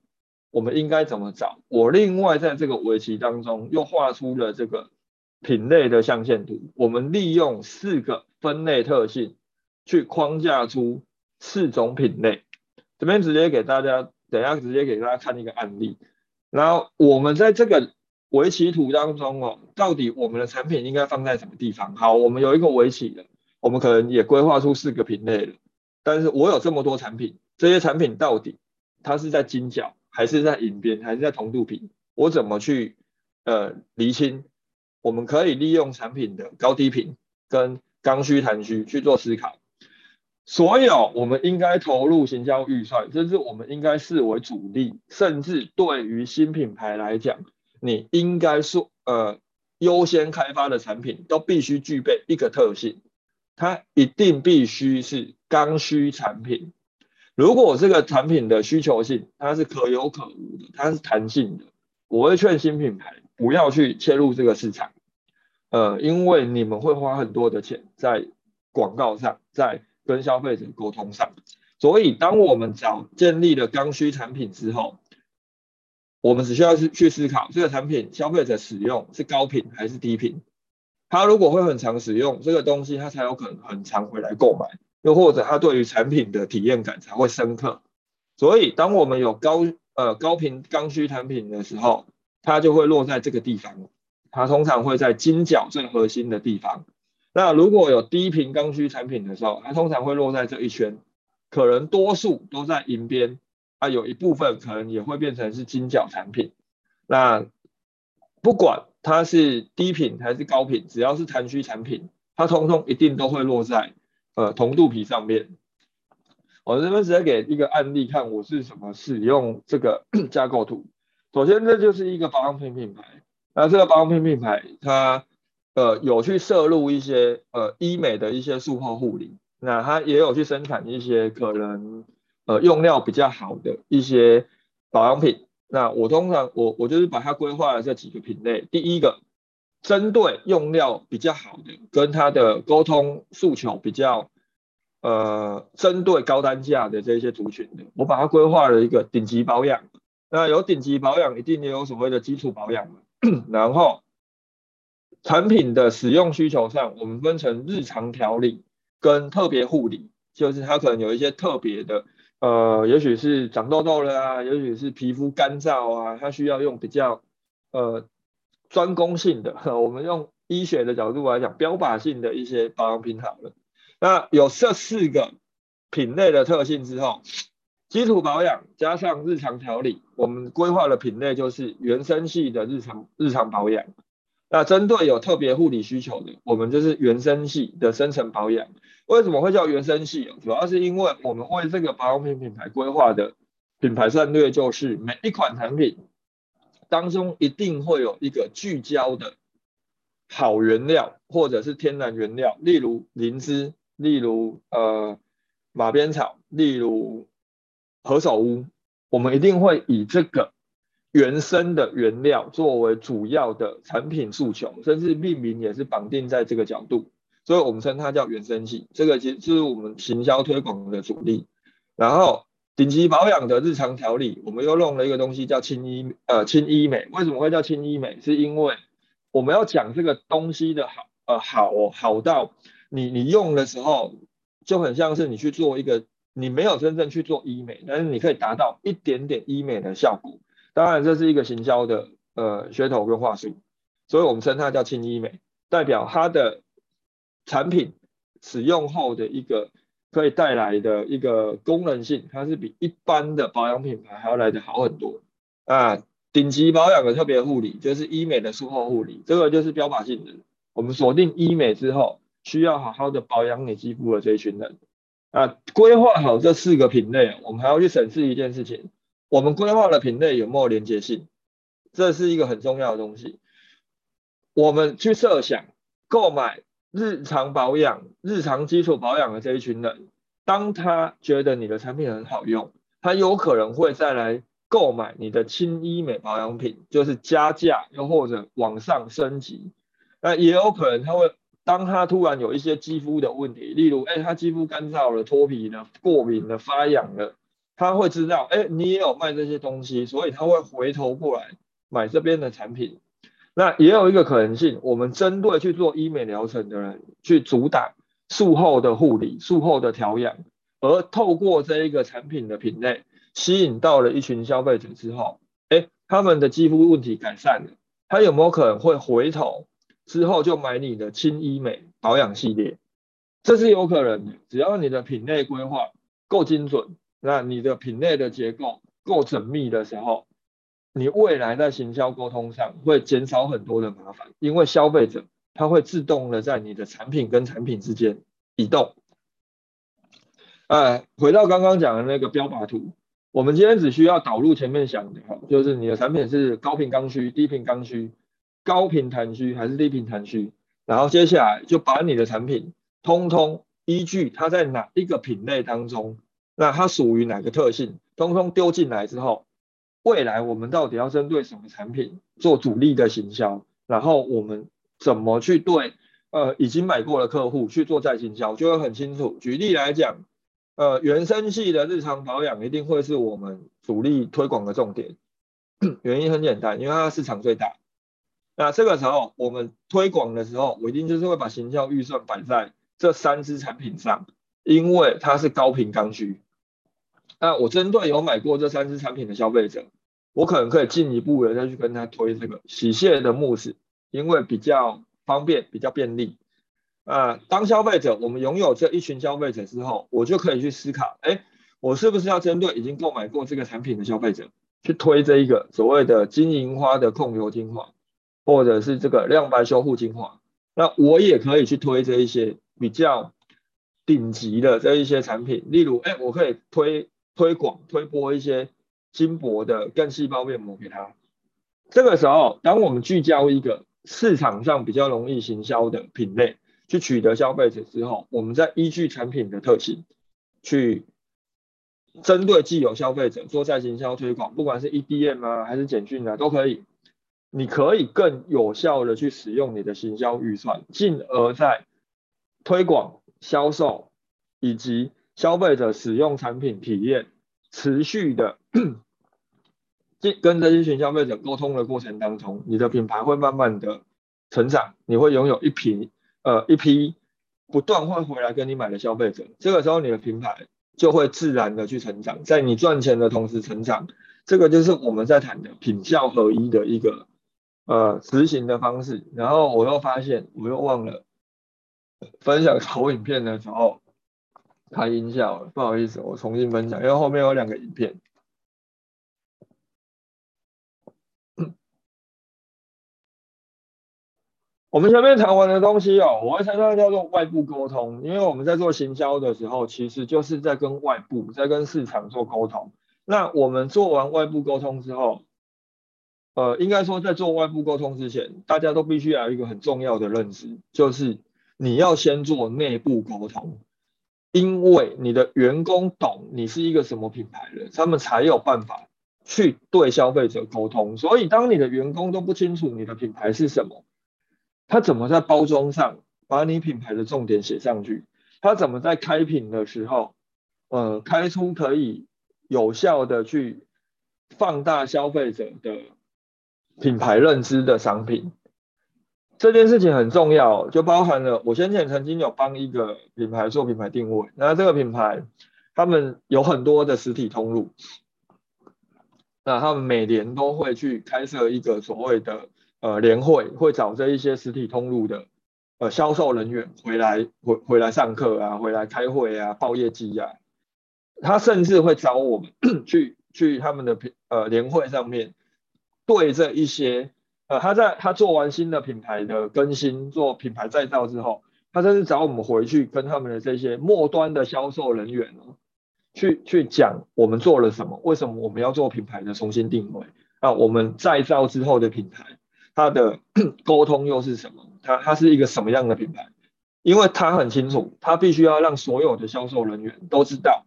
我們應該怎麼找？我另外在這個圍棋當中又畫出了這個品類的象限圖。我們利用四個分類特性去框架出四種品類。這邊直接給大家，等一下直接給大家看一個案例。然後我們在這個圍棋圖當中哦，到底我們的產品應該放在什麼地方？好，我們有一個圍棋的，我們可能也規劃出四個品類了。但是我有這麼多產品，這些產品到底它是在金角？還是在引邊，還是在同度品？我怎麼去呃，釐清？我們可以利用產品的高低頻跟剛需、彈需去做思考。所有我們應該投入行銷預算，這是我們應該視為主力。甚至對於新品牌來講，你應該說呃，優先開發的產品，都必須具備一個特性，它一定必須是剛需產品。如果這個產品的需求性它是可有可無的，它是彈性的，我會勸新品牌不要去切入這個市場。呃，因為你們會花很多的錢在廣告上，在跟消費者溝通上。所以，當我們找建立了剛需產品之後，我們只需要去去思考這個產品消費者使用是高頻還是低頻。它如果會很常使用這個東西，它才有可能很常回來購買。又或者他對於產品的體驗感才會深刻，所以當我們有高呃高頻剛需產品的時候，它就會落在這個地方。它通常會在金角最核心的地方。那如果有低頻剛需產品的時候，它通常會落在這一圈，可能多數都在銀邊啊，有一部分可能也會變成是金角產品。那不管它是低頻還是高頻，只要是剛需產品，它通通一定都會落在。呃，同肚皮上面，我這邊直接給一個案例，看我是怎麼使用這個架 構圖。首先，這就是一個保養品品牌，那這個保養品品牌它，呃有去涉入一些呃醫美的一些術後護理，那它也有去生產一些可能呃用料比較好的一些保養品。那我通常我我，就是把它規劃了這幾個品類，第一個。針對用料比較好的，跟他的溝通訴求比較，呃，針對高單價的這些族群的，我把它規劃了一個頂級保養。那有頂級保養，一定也有所謂的基礎保養。 然後產品的使用需求上，我們分成日常調理跟特別護理，就是它可能有一些特別的，呃，也許是長痘痘了啊，也許是皮膚乾燥啊，它需要用比較呃。專攻性的，我們用醫學的角度來講，標靶性的一些保養品好了。那有這四個品類的特性之後，基礎保養加上日常調理，我們規劃的品類就是原生系的日常、日常保養。那針對有特別護理需求的，我們就是原生系的深層保養。為什麼會叫原生系？主要是因為我們為這個保養品品牌規劃的品牌戰略就是每一款產品。當中一定會有一個聚焦的好原料，或者是天然原料，例如，例如靈芝，例如呃馬鞭草，例如何首烏。我們一定會以這個原生的原料作為主要的產品訴求，甚至命名也是綁定在這個角度，所以我們稱它叫原生系。這個其實就是我們行銷推廣的主力。然後。頂級保養的日常調理，我們又弄了一個東西叫輕醫呃輕醫美。為什麼會叫輕醫美？是因為我們要講這個東西的好呃好好到你你用的時候就很像是你去做一個你沒有真正去做醫美，但是你可以達到一點點醫美的效果。當然這是一個行銷的呃噱頭跟話術，所以我們稱它叫輕醫美，代表它的產品使用後的一個。可以帶來的一個功能性，它是比一般的保養品牌還要來得好很多啊！頂級保養的特別護理就是醫美的術後護理，這個就是標靶性的。我們鎖定醫美之後，需要好好的保養你肌膚的這一群人啊！規劃好這四個品類，我們還要去審視一件事情：我們規劃的品類有沒有連接性？這是一個很重要的東西。我們去設想購買。日常保養、日常基礎保養的這一群人，當他覺得你的產品很好用，他有可能會再來購買你的輕醫美保養品，就是加價又或者往上升級。那也有可能他會，當他突然有一些肌膚的問題，例如，誒、欸，他肌膚乾燥了、脫皮了、過敏了、發癢了，他會知道，誒、欸，你也有賣這些東西，所以他會回頭過來買這邊的產品。那也有一個可能性，我們針對去做醫美療程的人，去主打術後的護理、術後的調養，而透過這一個產品的品類，吸引到了一群消費者之後，誒，他們的肌膚問題改善了，他有沒有可能會回頭之後就買你的輕醫美保養系列？這是有可能的，只要你的品類規劃夠精準，那你的品類的結構夠縝密的時候。你未來在行銷溝通上會減少很多的麻煩，因為消費者他會自動的在你的產品跟產品之間移動。哎，回到剛剛講的那個標靶圖，我們今天只需要導入前面講的，就是你的產品是高頻剛需、低頻剛需、高頻彈需還是低頻彈需，然後接下來就把你的產品通通依據它在哪一個品類當中，那它屬於哪個特性，通通丟進來之後。未來我們到底要針對什麼產品做主力的行銷？然後我們怎麼去對呃已經買過的客戶去做再行銷？就會很清楚。舉例來講，呃原生系的日常保養一定會是我們主力推廣的重點，原因很簡單，因為它市場最大。那這個時候我們推廣的時候，我一定就是會把行銷預算擺在這三隻產品上，因為它是高頻剛需。那、啊、我針對有買過這三支產品的消費者，我可能可以進一步的再去跟他推這個洗卸的慕斯，因為比較方便、比較便利。啊，當消費者我們擁有這一群消費者之後，我就可以去思考，哎，我是不是要針對已經購買過這個產品的消費者，去推這一個所謂的金銀花的控油精華，或者是這個亮白修護精華？那我也可以去推這一些比較頂級的這一些產品，例如，哎，我可以推。推廣、推播一些金箔的幹細胞面膜給他。這個時候，當我們聚焦一個市場上比較容易行銷的品類，去取得消費者之後，我們再依據產品的特性，去針對既有消費者做再行銷推廣，不管是 EDM 啊，還是簡訊啊，都可以。你可以更有效的去使用你的行銷預算，進而在推廣、銷售以及。消費者使用產品體驗持續的 跟這一群消費者溝通的過程當中，你的品牌會慢慢的成長，你會擁有一批呃一批不斷換回來跟你買的消費者，這個時候你的品牌就會自然的去成長，在你賺錢的同時成長，這個就是我們在談的品效合一的一個呃執行的方式。然後我又發現我又忘了分享投影片的時候。開音效，不好意思，我重新分享，因為後面有兩個影片。 我們前面談完的東西哦，我會常常叫做外部溝通，因為我們在做行銷的時候，其實就是在跟外部，在跟市場做溝通。那我們做完外部溝通之後，呃，應該說在做外部溝通之前，大家都必須要有一個很重要的認知，就是你要先做內部溝通。因為你的員工懂你是一個什麼品牌人，他們才有辦法去對消費者溝通。所以，當你的員工都不清楚你的品牌是什麼，他怎麼在包裝上把你品牌的重點寫上去？他怎麼在開品的時候，呃，開出可以有效的去放大消費者的品牌認知的商品？這件事情很重要，就包含了我先前曾經有幫一個品牌做品牌定位，那這個品牌他們有很多的實體通路，那他們每年都會去開設一個所謂的呃聯會，會找這一些實體通路的呃銷售人員回來，回回來上課啊，回來開會啊，報業績啊，他甚至會找我們 去去他們的呃聯會上面對這一些。呃、他在他做完新的品牌的更新，做品牌再造之後，他甚至找我們回去跟他們的這些末端的銷售人員去去講我們做了什麼，為什麼我們要做品牌的重新定位啊？我們再造之後的品牌，它的溝通又是什麼？它它是一個什麼樣的品牌？因為他很清楚，他必須要讓所有的銷售人員都知道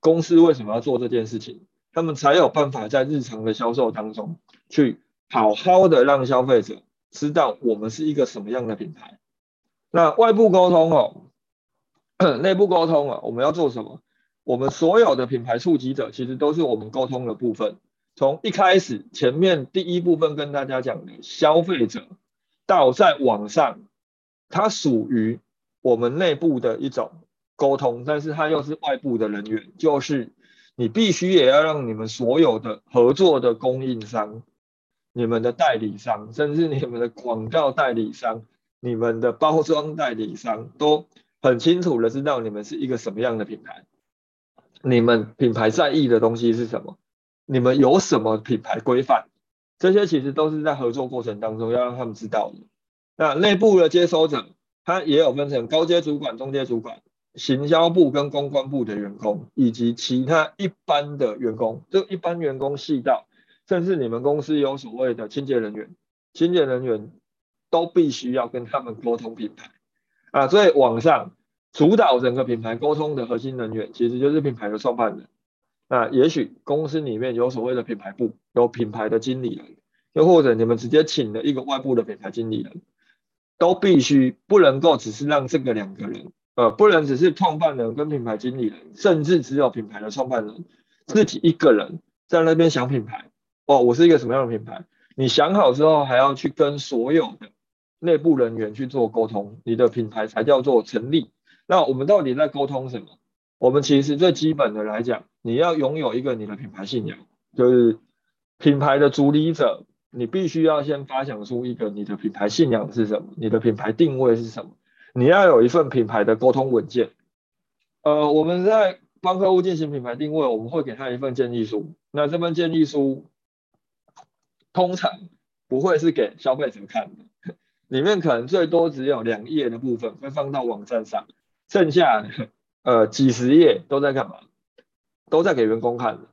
公司為什麼要做這件事情，他們才有辦法在日常的銷售當中去。好好的讓消費者知道我們是一個什麼樣的品牌。那外部溝通哦，內部溝通啊，我們要做什麼？我們所有的品牌觸及者其實都是我們溝通的部分。從一開始前面第一部分跟大家講的消費者，到在網上，它，屬於我們內部的一種溝通，但是它又是外部的人員，就是你必須也要讓你們所有的合作的供應商。你們的代理商，甚至你們的廣告代理商，你們的包裝代理商，都很清楚的知道你們是一個什麼樣的品牌，你們品牌在意的東西是什麼，你們有什麼品牌規範，這些其實都是在合作過程當中要讓他們知道的。那內部的接收者，他也有分成高階主管、中階主管、行銷部跟公關部的員工，以及其他一般的員工，就一般員工細到。甚至你們公司有所謂的清潔人員，清潔人員都必須要跟他們溝通品牌啊。所以往上主導整個品牌溝通的核心人員，其實就是品牌的創辦人。啊，也許公司裡面有所謂的品牌部，有品牌的經理人，又或者你們直接請了一個外部的品牌經理人，都必須不能夠只是讓這個兩個人，呃，不能只是創辦人跟品牌經理人，甚至只有品牌的創辦人自己一個人在那邊想品牌。哦，我是一個什麼樣的品牌？你想好之後，還要去跟所有的內部人員去做溝通，你的品牌才叫做成立。那我們到底在溝通什麼？我們其實最基本的來講，你要擁有一個你的品牌信仰，就是品牌的主理者，你必須要先發想出一個你的品牌信仰是什麼，你的品牌定位是什麼，你要有一份品牌的溝通文件。呃，我們在幫客戶進行品牌定位，我們會給他一份建議書，那這份建議書，通常不會是給消費者看的，裡面可能最多只有兩頁的部分會放到網站上，剩下呃幾十頁都在幹嘛？都在給員工看的，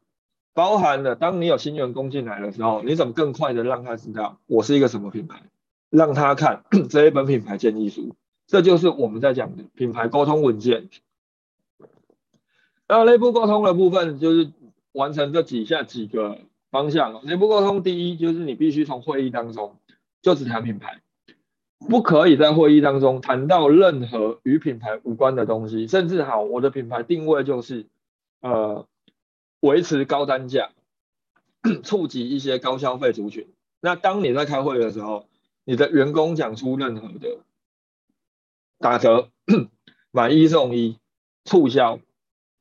包含了當你有新員工進來的時候，你怎麼更快的讓他知道我是一個什麼品牌，讓他看這一本品牌建議書，這就是我們在講的品牌溝通文件。那內部溝通的部分就是完成這底下幾個。方向，你不溝通，第一就是你必須從會議當中就只談品牌，不可以在會議當中談到任何與品牌無關的東西，甚至好，我的品牌定位就是呃維持高單價， 觸及一些高消費族群。那當你在開會的時候，你的員工講出任何的打折、 買一送一、促銷，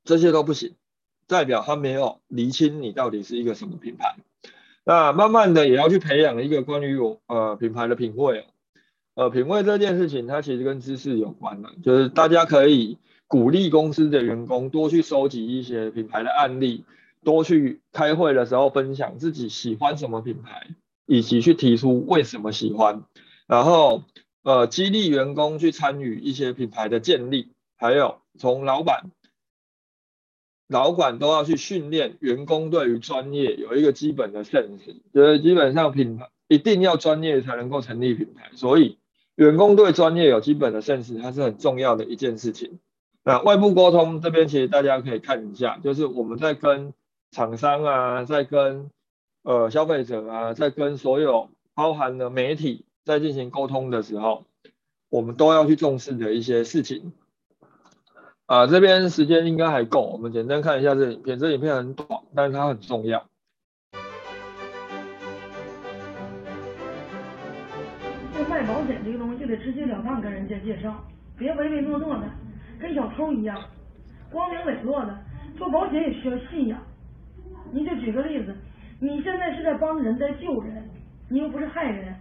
這些都不行。代表他沒有釐清你到底是一個什麼品牌，那慢慢的也要去培養一個關於我呃品牌的品味，呃品味，這件事情它其實跟知識有關的，就是大家可以鼓勵公司的員工多去收集一些品牌的案例，多去開會的時候分享自己喜歡什麼品牌，以及去提出為什麼喜歡，然後呃激勵員工去參與一些品牌的建立，還有從老闆。老管都要去訓練員工對於專業有一個基本的 sense，所以基本上品牌一定要專業才能夠成立品牌，所以員工對專業有基本的 sense，它是很重要的一件事情。那外部溝通這邊其實大家可以看一下，就是我們在跟廠商啊，在跟呃消費者啊，在跟所有包含了媒體在進行溝通的時候，我們都要去重視的一些事情。啊，這邊時間應該還夠，我們簡單看一下這影片。這影片很短，但是它很重要。這賣保險這個東西就得直截了當跟人家介紹，別唯唯諾諾的，跟小偷一樣，光明磊落的。做保險也需要信仰。你就舉個例子，你現在是在幫人，在救人，你又不是害人。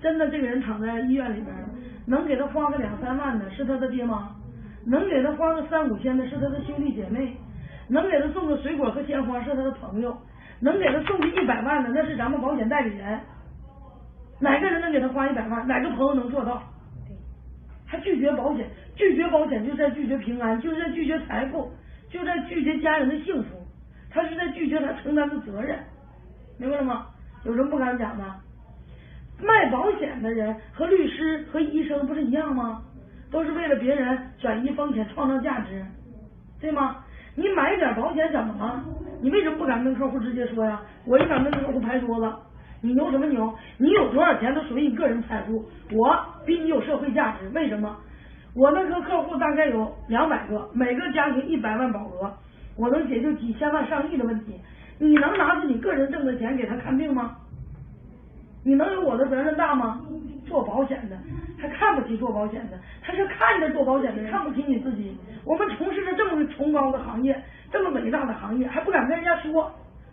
真的，這個人躺在醫院裡邊，能給他花個兩三萬的，是他的爹媽。能給他花個三五千的，是他的兄弟姐妹；能給他送個水果和鮮花，是他的朋友；能給他送個一百萬的，那是咱們保險代理人。哪個人能給他花一百萬？哪個朋友能做到？他拒絕保險，拒絕保險就是在拒絕平安，就是在拒絕財富，就是在拒絕家人的幸福。他是在拒絕他承擔的責任，明白了嗎？有什麼不敢講的？賣保險的人和律師和醫生不是一樣嗎？都是為了別人轉移風險、創造價值，對嗎？你買一點保險怎麼了？你為什麼不敢跟客戶直接說呀？我也敢跟客戶拍桌子，你牛什麼牛？你有多少錢都屬於你個人財富，我比你有社會價值，為什麼？我那個客戶大概有兩百個，每個家庭一百萬保額，我能解決幾千萬、上億的問題。你能拿出你個人掙的錢給他看病嗎？你能有我的責任大嗎？做保險的，他看不起做保險的，他是看着做保險的看不起你自己。我們從事着這麼崇高的行業，這麼偉大的行業，還不敢跟人家說，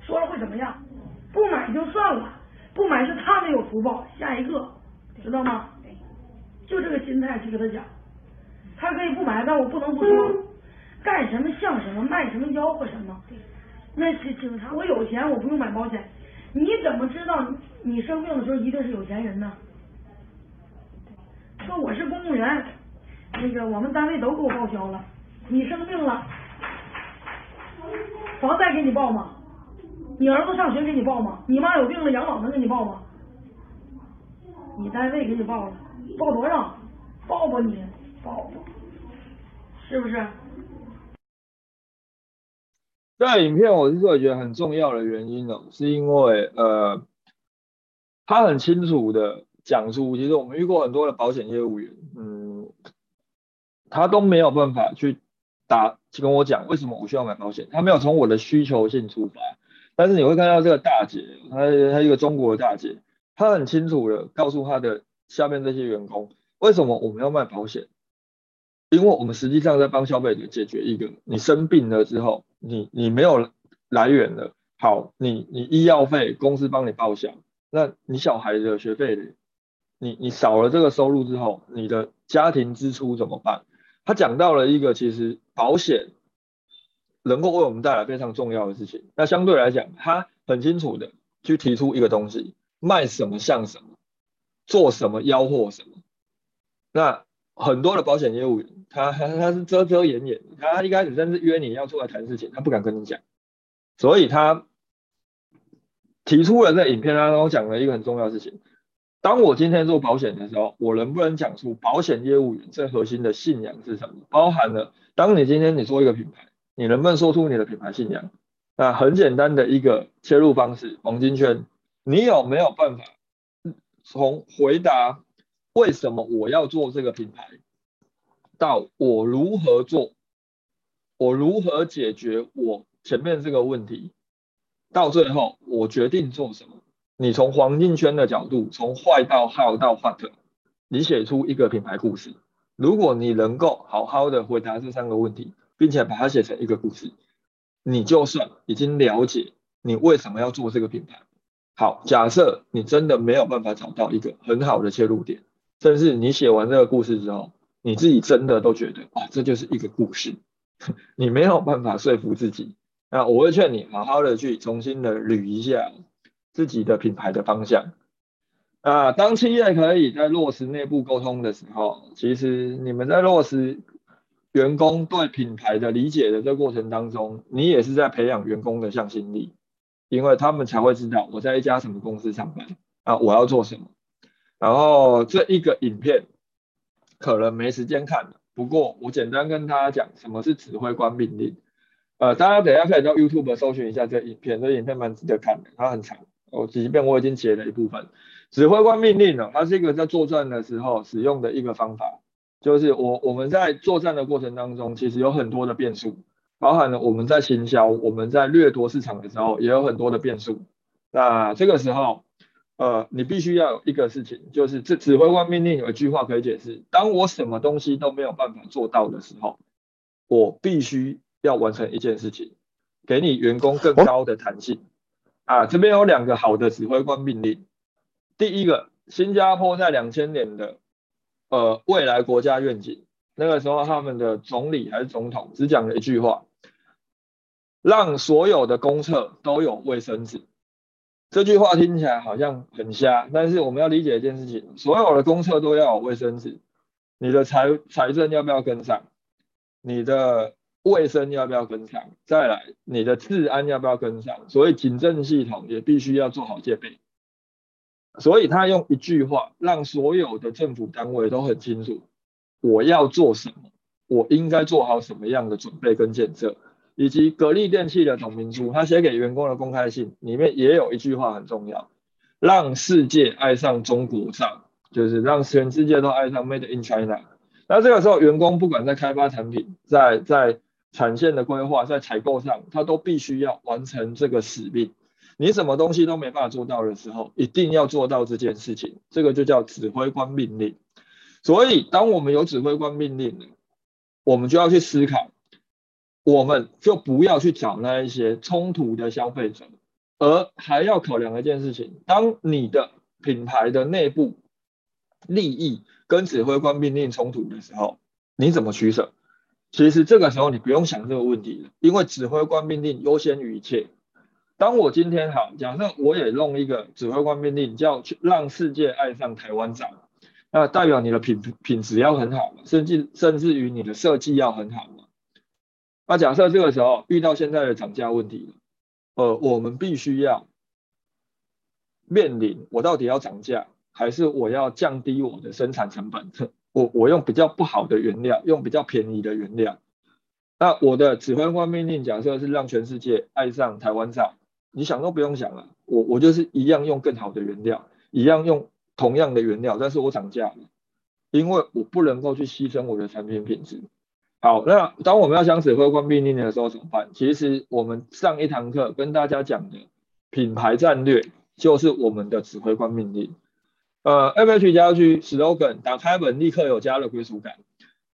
說了會怎麼樣？不買就算了，不買是他沒有福報，下一個知道嗎？就這個心態去跟他講，他可以不買，但我不能不說、嗯，幹什麼像什麼，賣什麼吆喝什麼。那些警察。我有錢，我不用買保險。你怎麼知道你生病的時候一定是有錢人呢？我是公務員，那個我們單位都給我報銷了。你生病了，房貸給你報嗎？你兒子上學給你報嗎？你媽有病了，養老能給你報嗎？你單位給你報了，報多少？報吧？你報吧？是不是？在影片我是覺得很重要的原因呢、哦，是因為呃，他很清楚的。講出，其實我們遇過很多的保險業務員，嗯，他都沒有辦法去答去跟我講為什麼我需要買保險，他沒有從我的需求性出發。但是你會看到這個大姐，她她一個中國的大姐，她很清楚的告訴她的下面這些員工，為什麼我們要賣保險？因為我們實際上在幫消費者解決一個，你生病了之後，你你沒有來源了，好，你你醫藥費公司幫你報銷，那你小孩的學費。你你少了這個收入之後，你的家庭支出怎麼辦？他講到了一個其實保險能夠為我們帶來非常重要的事情。那相對來講，他很清楚的去提出一個東西：賣什麼像什麼，做什麼吆喝什麼。那很多的保險業務員，他他他是遮遮掩掩，他一開始甚至約你要出來談事情，他不敢跟你講。所以他提出了在影片當中講了一個很重要的事情。當我今天做保險的時候，我能不能講出保險業務員最核心的信仰是什麼？包含了，當你今天你做一個品牌，你能不能說出你的品牌信仰？那很簡單的一個切入方式，黃金圈，你有沒有辦法從回答為什麼我要做這個品牌，到我如何做，我如何解決我前面這個問題，到最後我決定做什麼？你從黃金圈的角度，從壞到好到壞的，你寫出一個品牌故事。如果你能夠好好的回答這三個問題，並且把它寫成一個故事，你就算已經了解你為什麼要做這個品牌。好，假設你真的沒有辦法找到一個很好的切入點，甚至你寫完這個故事之後，你自己真的都覺得啊，這就是一個故事，你沒有辦法說服自己。那我會勸你好好的去重新的捋一下、哦，自己的品牌的方向啊。當企業可以在落實內部溝通的時候，其實你們在落實員工對品牌的理解的這過程當中，你也是在培養員工的向心力，因為他們才會知道我在一家什麼公司上班啊，我要做什麼。然後這一個影片可能沒時間看了，不過我簡單跟大家講什麼是指揮官命令。呃，大家等一下可以到 YouTube 搜尋一下這個影片，這個影片蠻值得看的，它很長。哦，即便我已經解了一部分，指揮官命令呢？它是一個在作戰的時候使用的一個方法，就是我我們在作戰的過程當中，其實有很多的變數，包含了我們在行銷、我們在掠奪市場的時候，也有很多的變數。那這個時候，呃，你必須要有一個事情，就是這指揮官命令有一句話可以解釋：當我什麼東西都沒有辦法做到的時候，我必須要完成一件事情，給你員工更高的彈性。哦啊，這邊有兩個好的指揮官命令。第一個，新加坡在兩千年的呃未來國家願景，那個時候，他們的總理還是總統只講了一句話，讓所有的公廁都有衛生紙。這句話聽起來好像很瞎，但是我們要理解一件事情：所有的公廁都要有衛生紙，你的財財政要不要跟上？你的衛生要不要跟上？再來，你的治安要不要跟上？所以，警政系統也必須要做好戒備。所以，他用一句話讓所有的政府單位都很清楚，我要做什麼，我應該做好什麼樣的準備跟建設。以及，格力電器的董明珠，他寫給員工的公開信裡面也有一句話很重要，讓世界愛上中國造，就是讓全世界都愛上 Made in China。那這個時候，員工不管在開發產品，在在。產線的規劃，在採購上，它都必須要完成這個使命。你什麼東西都沒辦法做到的時候，一定要做到這件事情。這個就叫指揮官命令。所以，當我們有指揮官命令了，我們就要去思考，我們就不要去找那一些衝突的消費者，而還要考量一件事情：當你的品牌的內部利益跟指揮官命令衝突的時候，你怎麼取捨？其實這個時候你不用想這個問題，因為指揮官命令優先於一切。當我今天好，假設我也弄一個指揮官命令，叫讓世界愛上台灣造，那代表你的品品質要很好，甚至甚至於你的設計要很好。那假設這個時候遇到現在的漲價問題了，呃，我們必須要面臨，我到底要漲價，還是我要降低我的生產成本？我我用比較不好的原料，用比較便宜的原料。那我的指揮官命令假設是讓全世界愛上台灣造，你想都不用想了。我我就是一樣用更好的原料，一樣用同樣的原料，但是我漲價了，因為我不能夠去犧牲我的產品品質。好，那當我們要講指揮官命令的時候怎麼辦？其實我們上一堂課跟大家講的品牌戰略，就是我們的指揮官命令。呃，M H 家居 slogan 打開門立刻有家的歸屬感。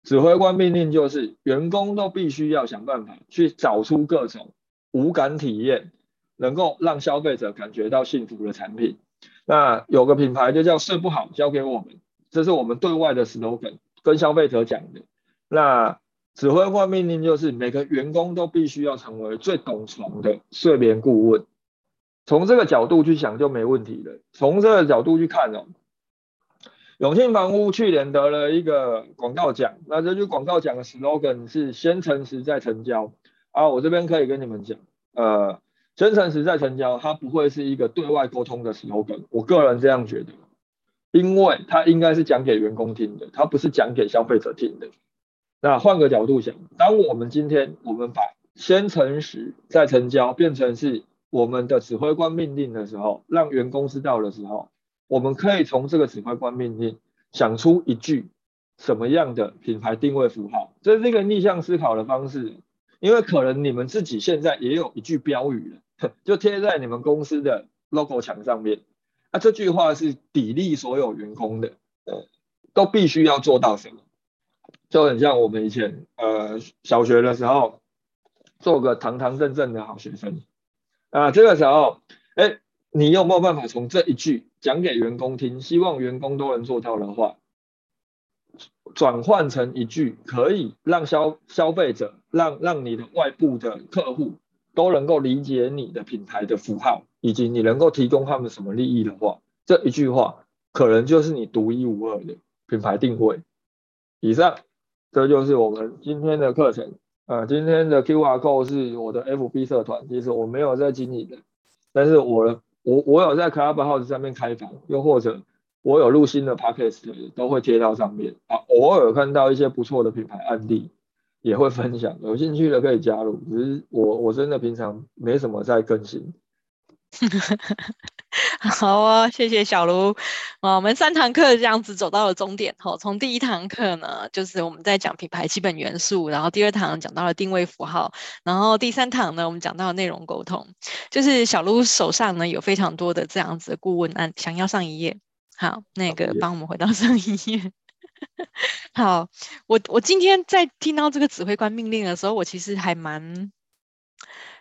指揮官命令就是，員工都必須要想辦法去找出各種五感體驗，能夠讓消費者感覺到幸福的產品。那有個品牌就叫睡不好交給我們，這是我們對外的 slogan 跟消費者講的。那指揮官命令就是，每個員工都必須要成為最懂床的睡眠顧問。從這個角度去想就沒問題了。從這個角度去看哦，永慶房屋去年得了一個廣告獎，那這句廣告獎的 slogan 是“先誠實再成交”。啊，我這邊可以跟你們講，呃，先誠實再成交，它不會是一個對外溝通的 slogan。我個人這樣覺得，因為它應該是講給員工聽的，它不是講給消費者聽的。那換個角度想，當我們今天我們把“先誠實再成交”變成是。我們的指揮官命令的時候，讓員工知道的時候，我們可以從這個指揮官命令想出一句什麼樣的品牌定位符號，這是一個逆向思考的方式。因為可能你們自己現在也有一句標語了，就貼在你們公司的 logo 牆上面。那，啊，這句話是砥礪所有員工的，呃，都必須要做到什麼？就很像我們以前呃小學的時候，做個堂堂正正的好學生。啊，這個時候，哎，你有沒有辦法從這一句講給員工聽？希望員工都能做到的話，轉換成一句可以讓消消費者、讓讓你的外部的客戶都能夠理解你的品牌的符號，以及你能夠提供他們什麼利益的話，這一句話可能就是你獨一無二的品牌定位。以上，這就是我們今天的課程。呃、啊，今天的 QR Code 是我的 FB 社團，其實我沒有在經營的，但是我我我有在 Clubhouse 上面開房，又或者我有錄新的 Podcast，都會貼到上面啊。偶爾看到一些不錯的品牌案例，也會分享，有興趣的可以加入。只是我我真的平常沒什麼在更新。 好啊，謝謝小嚕啊，我們三堂課這樣子走到了終點哦。從第一堂課呢，就是我們在講品牌基本元素，然後第二堂講到了定位符號，然後第三堂呢，我們講到了內容溝通。就是小嚕手上呢有非常多的這樣子的顧問案，想要上一頁。好，那個幫我們回到上一頁。 好，我我今天在聽到這個指揮官命令的時候，我其實還蠻。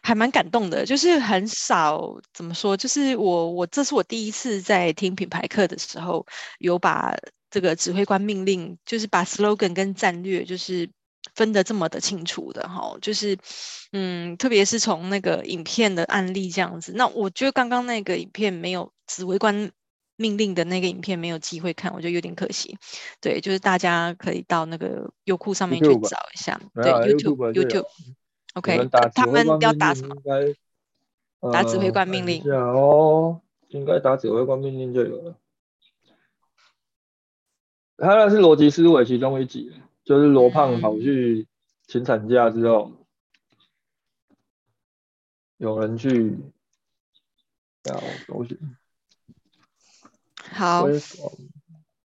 還蠻感動的，就是很少怎麼說，就是我我這是我第一次在聽品牌課的時候，有把這個指揮官命令，就是把 slogan 跟戰略，就是分得這麼的清楚的哈，就是嗯，特別是從那個影片的案例這樣子。那我覺得剛剛那個影片沒有指揮官命令的那個影片沒有機會看，我覺得有點可惜。對，就是大家可以到那個優酷上面去找一下，YouTube 對，YouTube YouTube。OK，他們要打什麼，打指打指揮官命令、呃、哦，應該打指揮官命令就有了。他那是羅輯思維其中一集，就是羅胖跑去請產假之後， 有人去，啊，我先，好，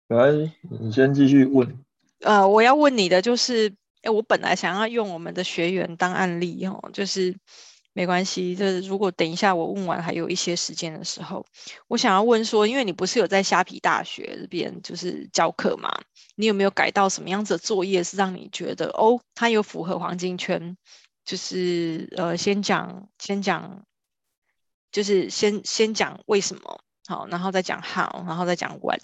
來，你先繼續問。呃，我要問你的就是。哎、欸，我本來想要用我們的學員當案例哦，就是沒關係，就是如果等一下我問完還有一些時間的時候，我想要問說，因為你不是有在蝦皮大學這邊就是教課嘛，你有沒有改到什麼樣子的作業是讓你覺得哦，它有符合黃金圈？就是呃，先講先講，就是先先講為什麼好，然後再講 how，然後再講 what。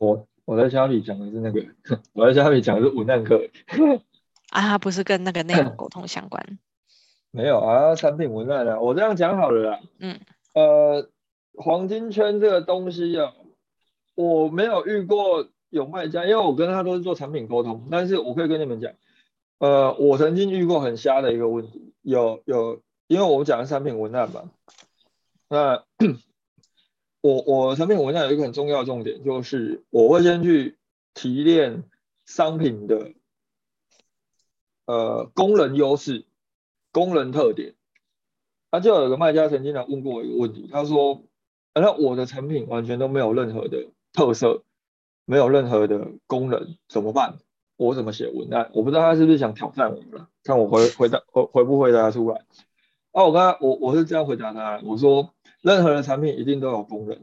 Oh. 我在家裡講的是那個，我在家裡講的是文案課。啊，他不是跟那個內容溝通相關 ？沒有啊，產品文案的，我這樣講好了啦。嗯。呃，黃金圈這個東西啊，我沒有遇過有賣家，因為我跟他都是做產品溝通，但是我可以跟你們講，呃，我曾經遇過很瞎的一個問題，有有，因為我們講的產品文案嘛，那。 我我產品文案有一個很重要的重點，就是我會先去提煉商品的呃功能優勢、功能特點。那、啊、就有個賣家曾經來問過我一個問題，他說：“啊、那我的產品完全都沒有任何的特色，沒有任何的功能，怎麼辦？我怎麼寫文案？我不知道他是不是想挑戰我了，看我回回答，我回、回不回答出來？”啊，我剛才我我是這樣回答他，我說。任何的產品一定都有功能，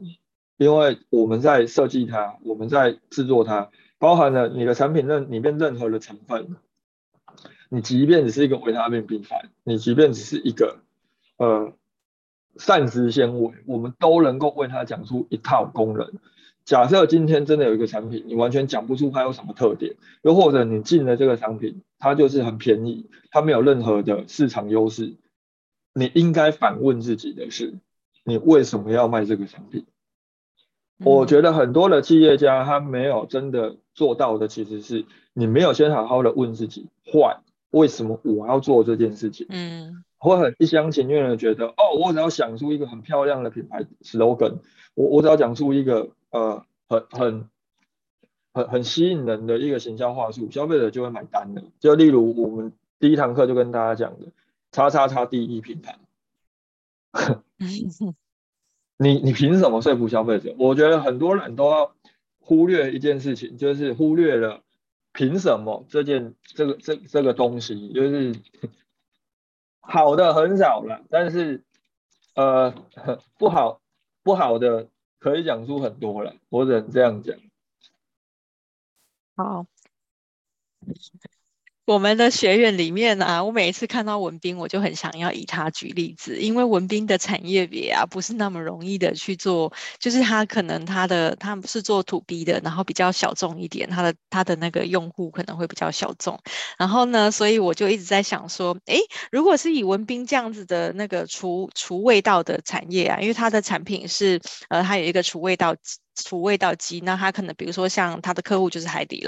因為我們在設計它，我們在制作它，包含了你的產品任裡面任何的成分，你即便只是一個維他命 B 牌，你即便只是一個呃膳食纖維，我們都能夠為它講出一套功能。假設今天真的有一個產品，你完全講不出它有什麼特點，又或者你進了這個產品，它就是很便宜，它沒有任何的市場優勢，你應該反問自己的是。你為什麼要賣這個產品？嗯，我覺得很多的企業家他沒有真的做到的，其實是你沒有先好好的問自己，Why，為什麼我要做這件事情？嗯，或很一廂情願的覺得，哦，我只要想出一個很漂亮的品牌 slogan，我我只要講出一個呃很很很很吸引人的一個行銷話術，消費者就會買單的。就例如我們第一堂課就跟大家講的，叉叉叉第一品牌。 你你憑什麼說服消費者？我覺得很多人都要忽略一件事情，就是忽略了憑什麼這件這個這個、這個東西就是好的很少了，但是呃不不好不好的可以講出很多了，我只能這樣講。好，oh.。我們的學院裡面啊，我每一次看到文斌，我就很想要以他舉例子，因為文斌的產業別啊，不是那麼容易的去做，就是他可能他的他們是做 to B 的，然後比較小眾一點，他的他的那個用戶可能會比較小眾，然後呢，所以我就一直在想說，誒，如果是以文斌這樣子的那個除除味道的產業啊，因為他的產品是呃，他有一個除味道。除味道機，那他可能比如說像他的客戶就是海底撈。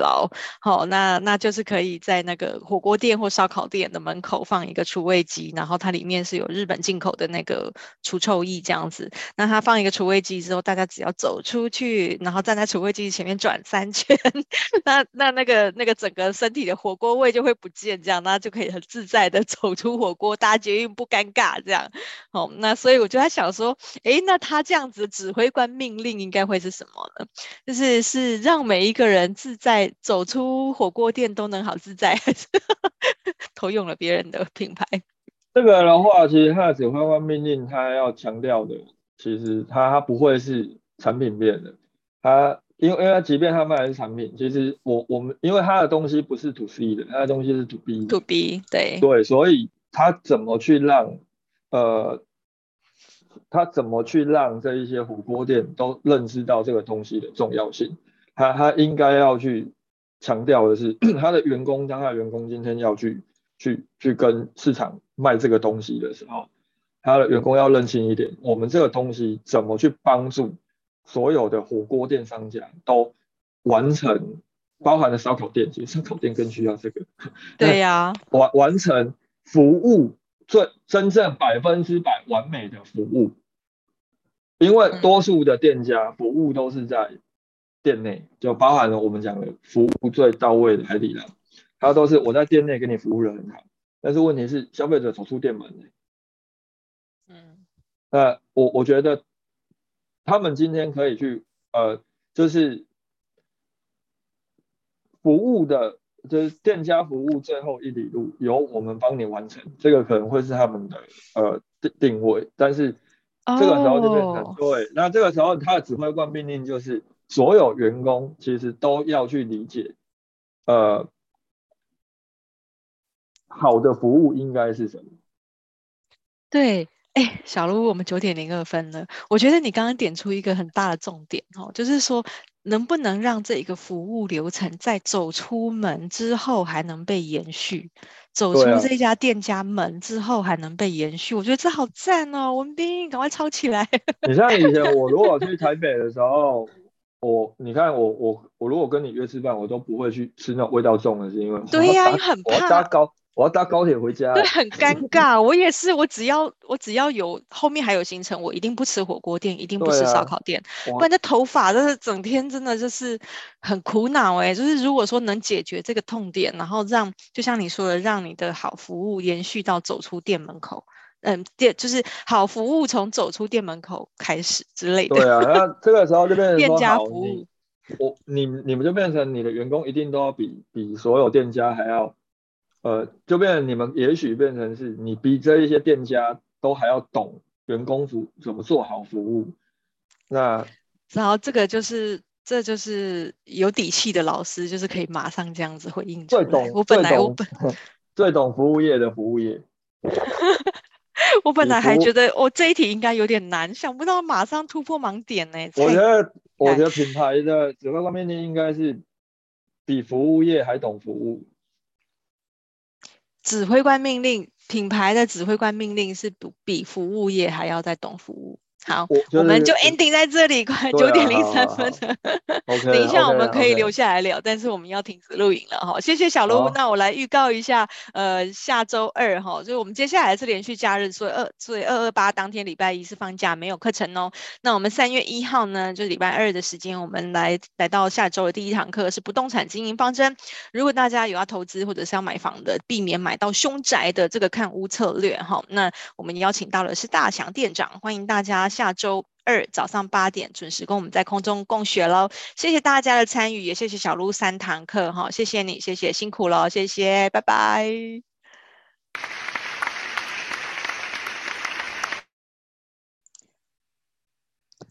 好、哦，那那就是可以在那個火鍋店或燒烤店的門口放一個除味機，然後它裡面是有日本進口的那個除臭液這樣子。那他放一個除味機之後，大家只要走出去，然後站在除味機前面轉三圈， 那那那個那個整個身體的火鍋味就會不見，這樣，那就可以很自在的走出火鍋大街，又不尷尬這樣。好、哦，那所以我就在想說，哎、欸，那他這樣子的指揮官命令應該會是。怎麼了？就是是讓每一個人自在走出火鍋店都能好自在，偷 用了別人的品牌。這個的話，其實它的指揮官命令它要強調的，其實它他不會是產品變的，它因為因為即便他賣的是產品，其實我我們因為他的東西不是 to C 的，他的東西是 to B，to B 對對，所以他怎麼去讓呃？他怎麼去讓這一些火鍋店都認識到這個東西的重要性？他他應該要去強調的是，他的員工、當他的員工今天要去去去跟市場賣這個東西的時候，他的員工要認清一點：我們這個東西怎麼去幫助所有的火鍋店商家都完成，包含了燒烤店，其實燒烤店更需要這個。對呀，完完成服務。最真正百分之百完美的服務，因為多數的店家，嗯、服務都是在店內，就包含了我們講的服務最到位的海底撈，它都是我在店內給你服務的很好。但是問題是，消費者走出店門，欸，嗯，呃，那我我覺得他們今天可以去，呃，就是服務的。就是店家服務最後一里路由我們幫你完成，這個可能會是他們的呃定位，但是這個時候就變成，oh. 對，那這個時候他的指揮官命令就是所有員工其實都要去理解，呃，好的服務應該是什麼？對，哎，欸，小嚕，我們九點零二分了，我覺得你剛剛點出一個很大的重點哦，就是說。能不能讓這一個服務流程在走出門之後還能被延續？走出這家店家門之後還能被延續，啊、我覺得這好讚哦！文斌，趕快抄起來。你像以前我如果去台北的時候， 我你看我我我如果跟你約吃飯，我都不會去吃那種味道重的，是因為對呀、啊，因為很怕高。我要搭高鐵回家，對，很尷尬。 我也是，我只要我只要有後面還有行程，我一定不吃火鍋店，一定不吃燒烤店、啊，不然這頭髮真的整天真的就是很苦惱哎、欸。就是如果說能解決這個痛點，然後讓就像你說的，讓你的好服務延續到走出店門口，嗯，店就是好服務從走出店門口開始之類的。對啊，那、啊、這個時候就變成店家服務，我你你們就變成你的員工，一定都要比比所有店家還要。呃，就變你們也許變成是，你比這一些店家都還要懂員工服怎麼做好服務。那然後這個就是，這就是有底氣的老師，就是可以馬上這樣子回應。最懂我本來我本最懂, 最懂服務業的服務業。 我本來還覺得我、哦、這一題應該有點難，想不到馬上突破盲點呢、欸。我覺得我覺得品牌的整個方面應該是比服務業還懂服務。指揮官命令品牌的指揮官命令是比比服務業還要再懂服務。好我、就是，我們就 ending 在這裡，快九點零三分了。啊、 okay, 等一下我們可以留下來聊，okay, 但是我們要停止錄影了哈。Okay, 謝謝小嚕，okay. 那我來預告一下，呃，下週二哈，就是、啊、我們接下來是連續假日，所以二所以二二八當天禮拜一是放假，沒有課程哦。那我們三月一號呢，就是禮拜二的時間，我們來來到下週的第一堂課是不動產經營方針。如果大家有要投資或者是要買房的，避免買到凶宅的這個看屋策略哈，那我們邀請到的是大祥店長，歡迎大家。下週二早上八點準時跟我們在空中共學嘍！謝謝大家的參與，也謝謝小嚕三堂課哈，謝謝你，謝謝辛苦了，謝謝，拜拜。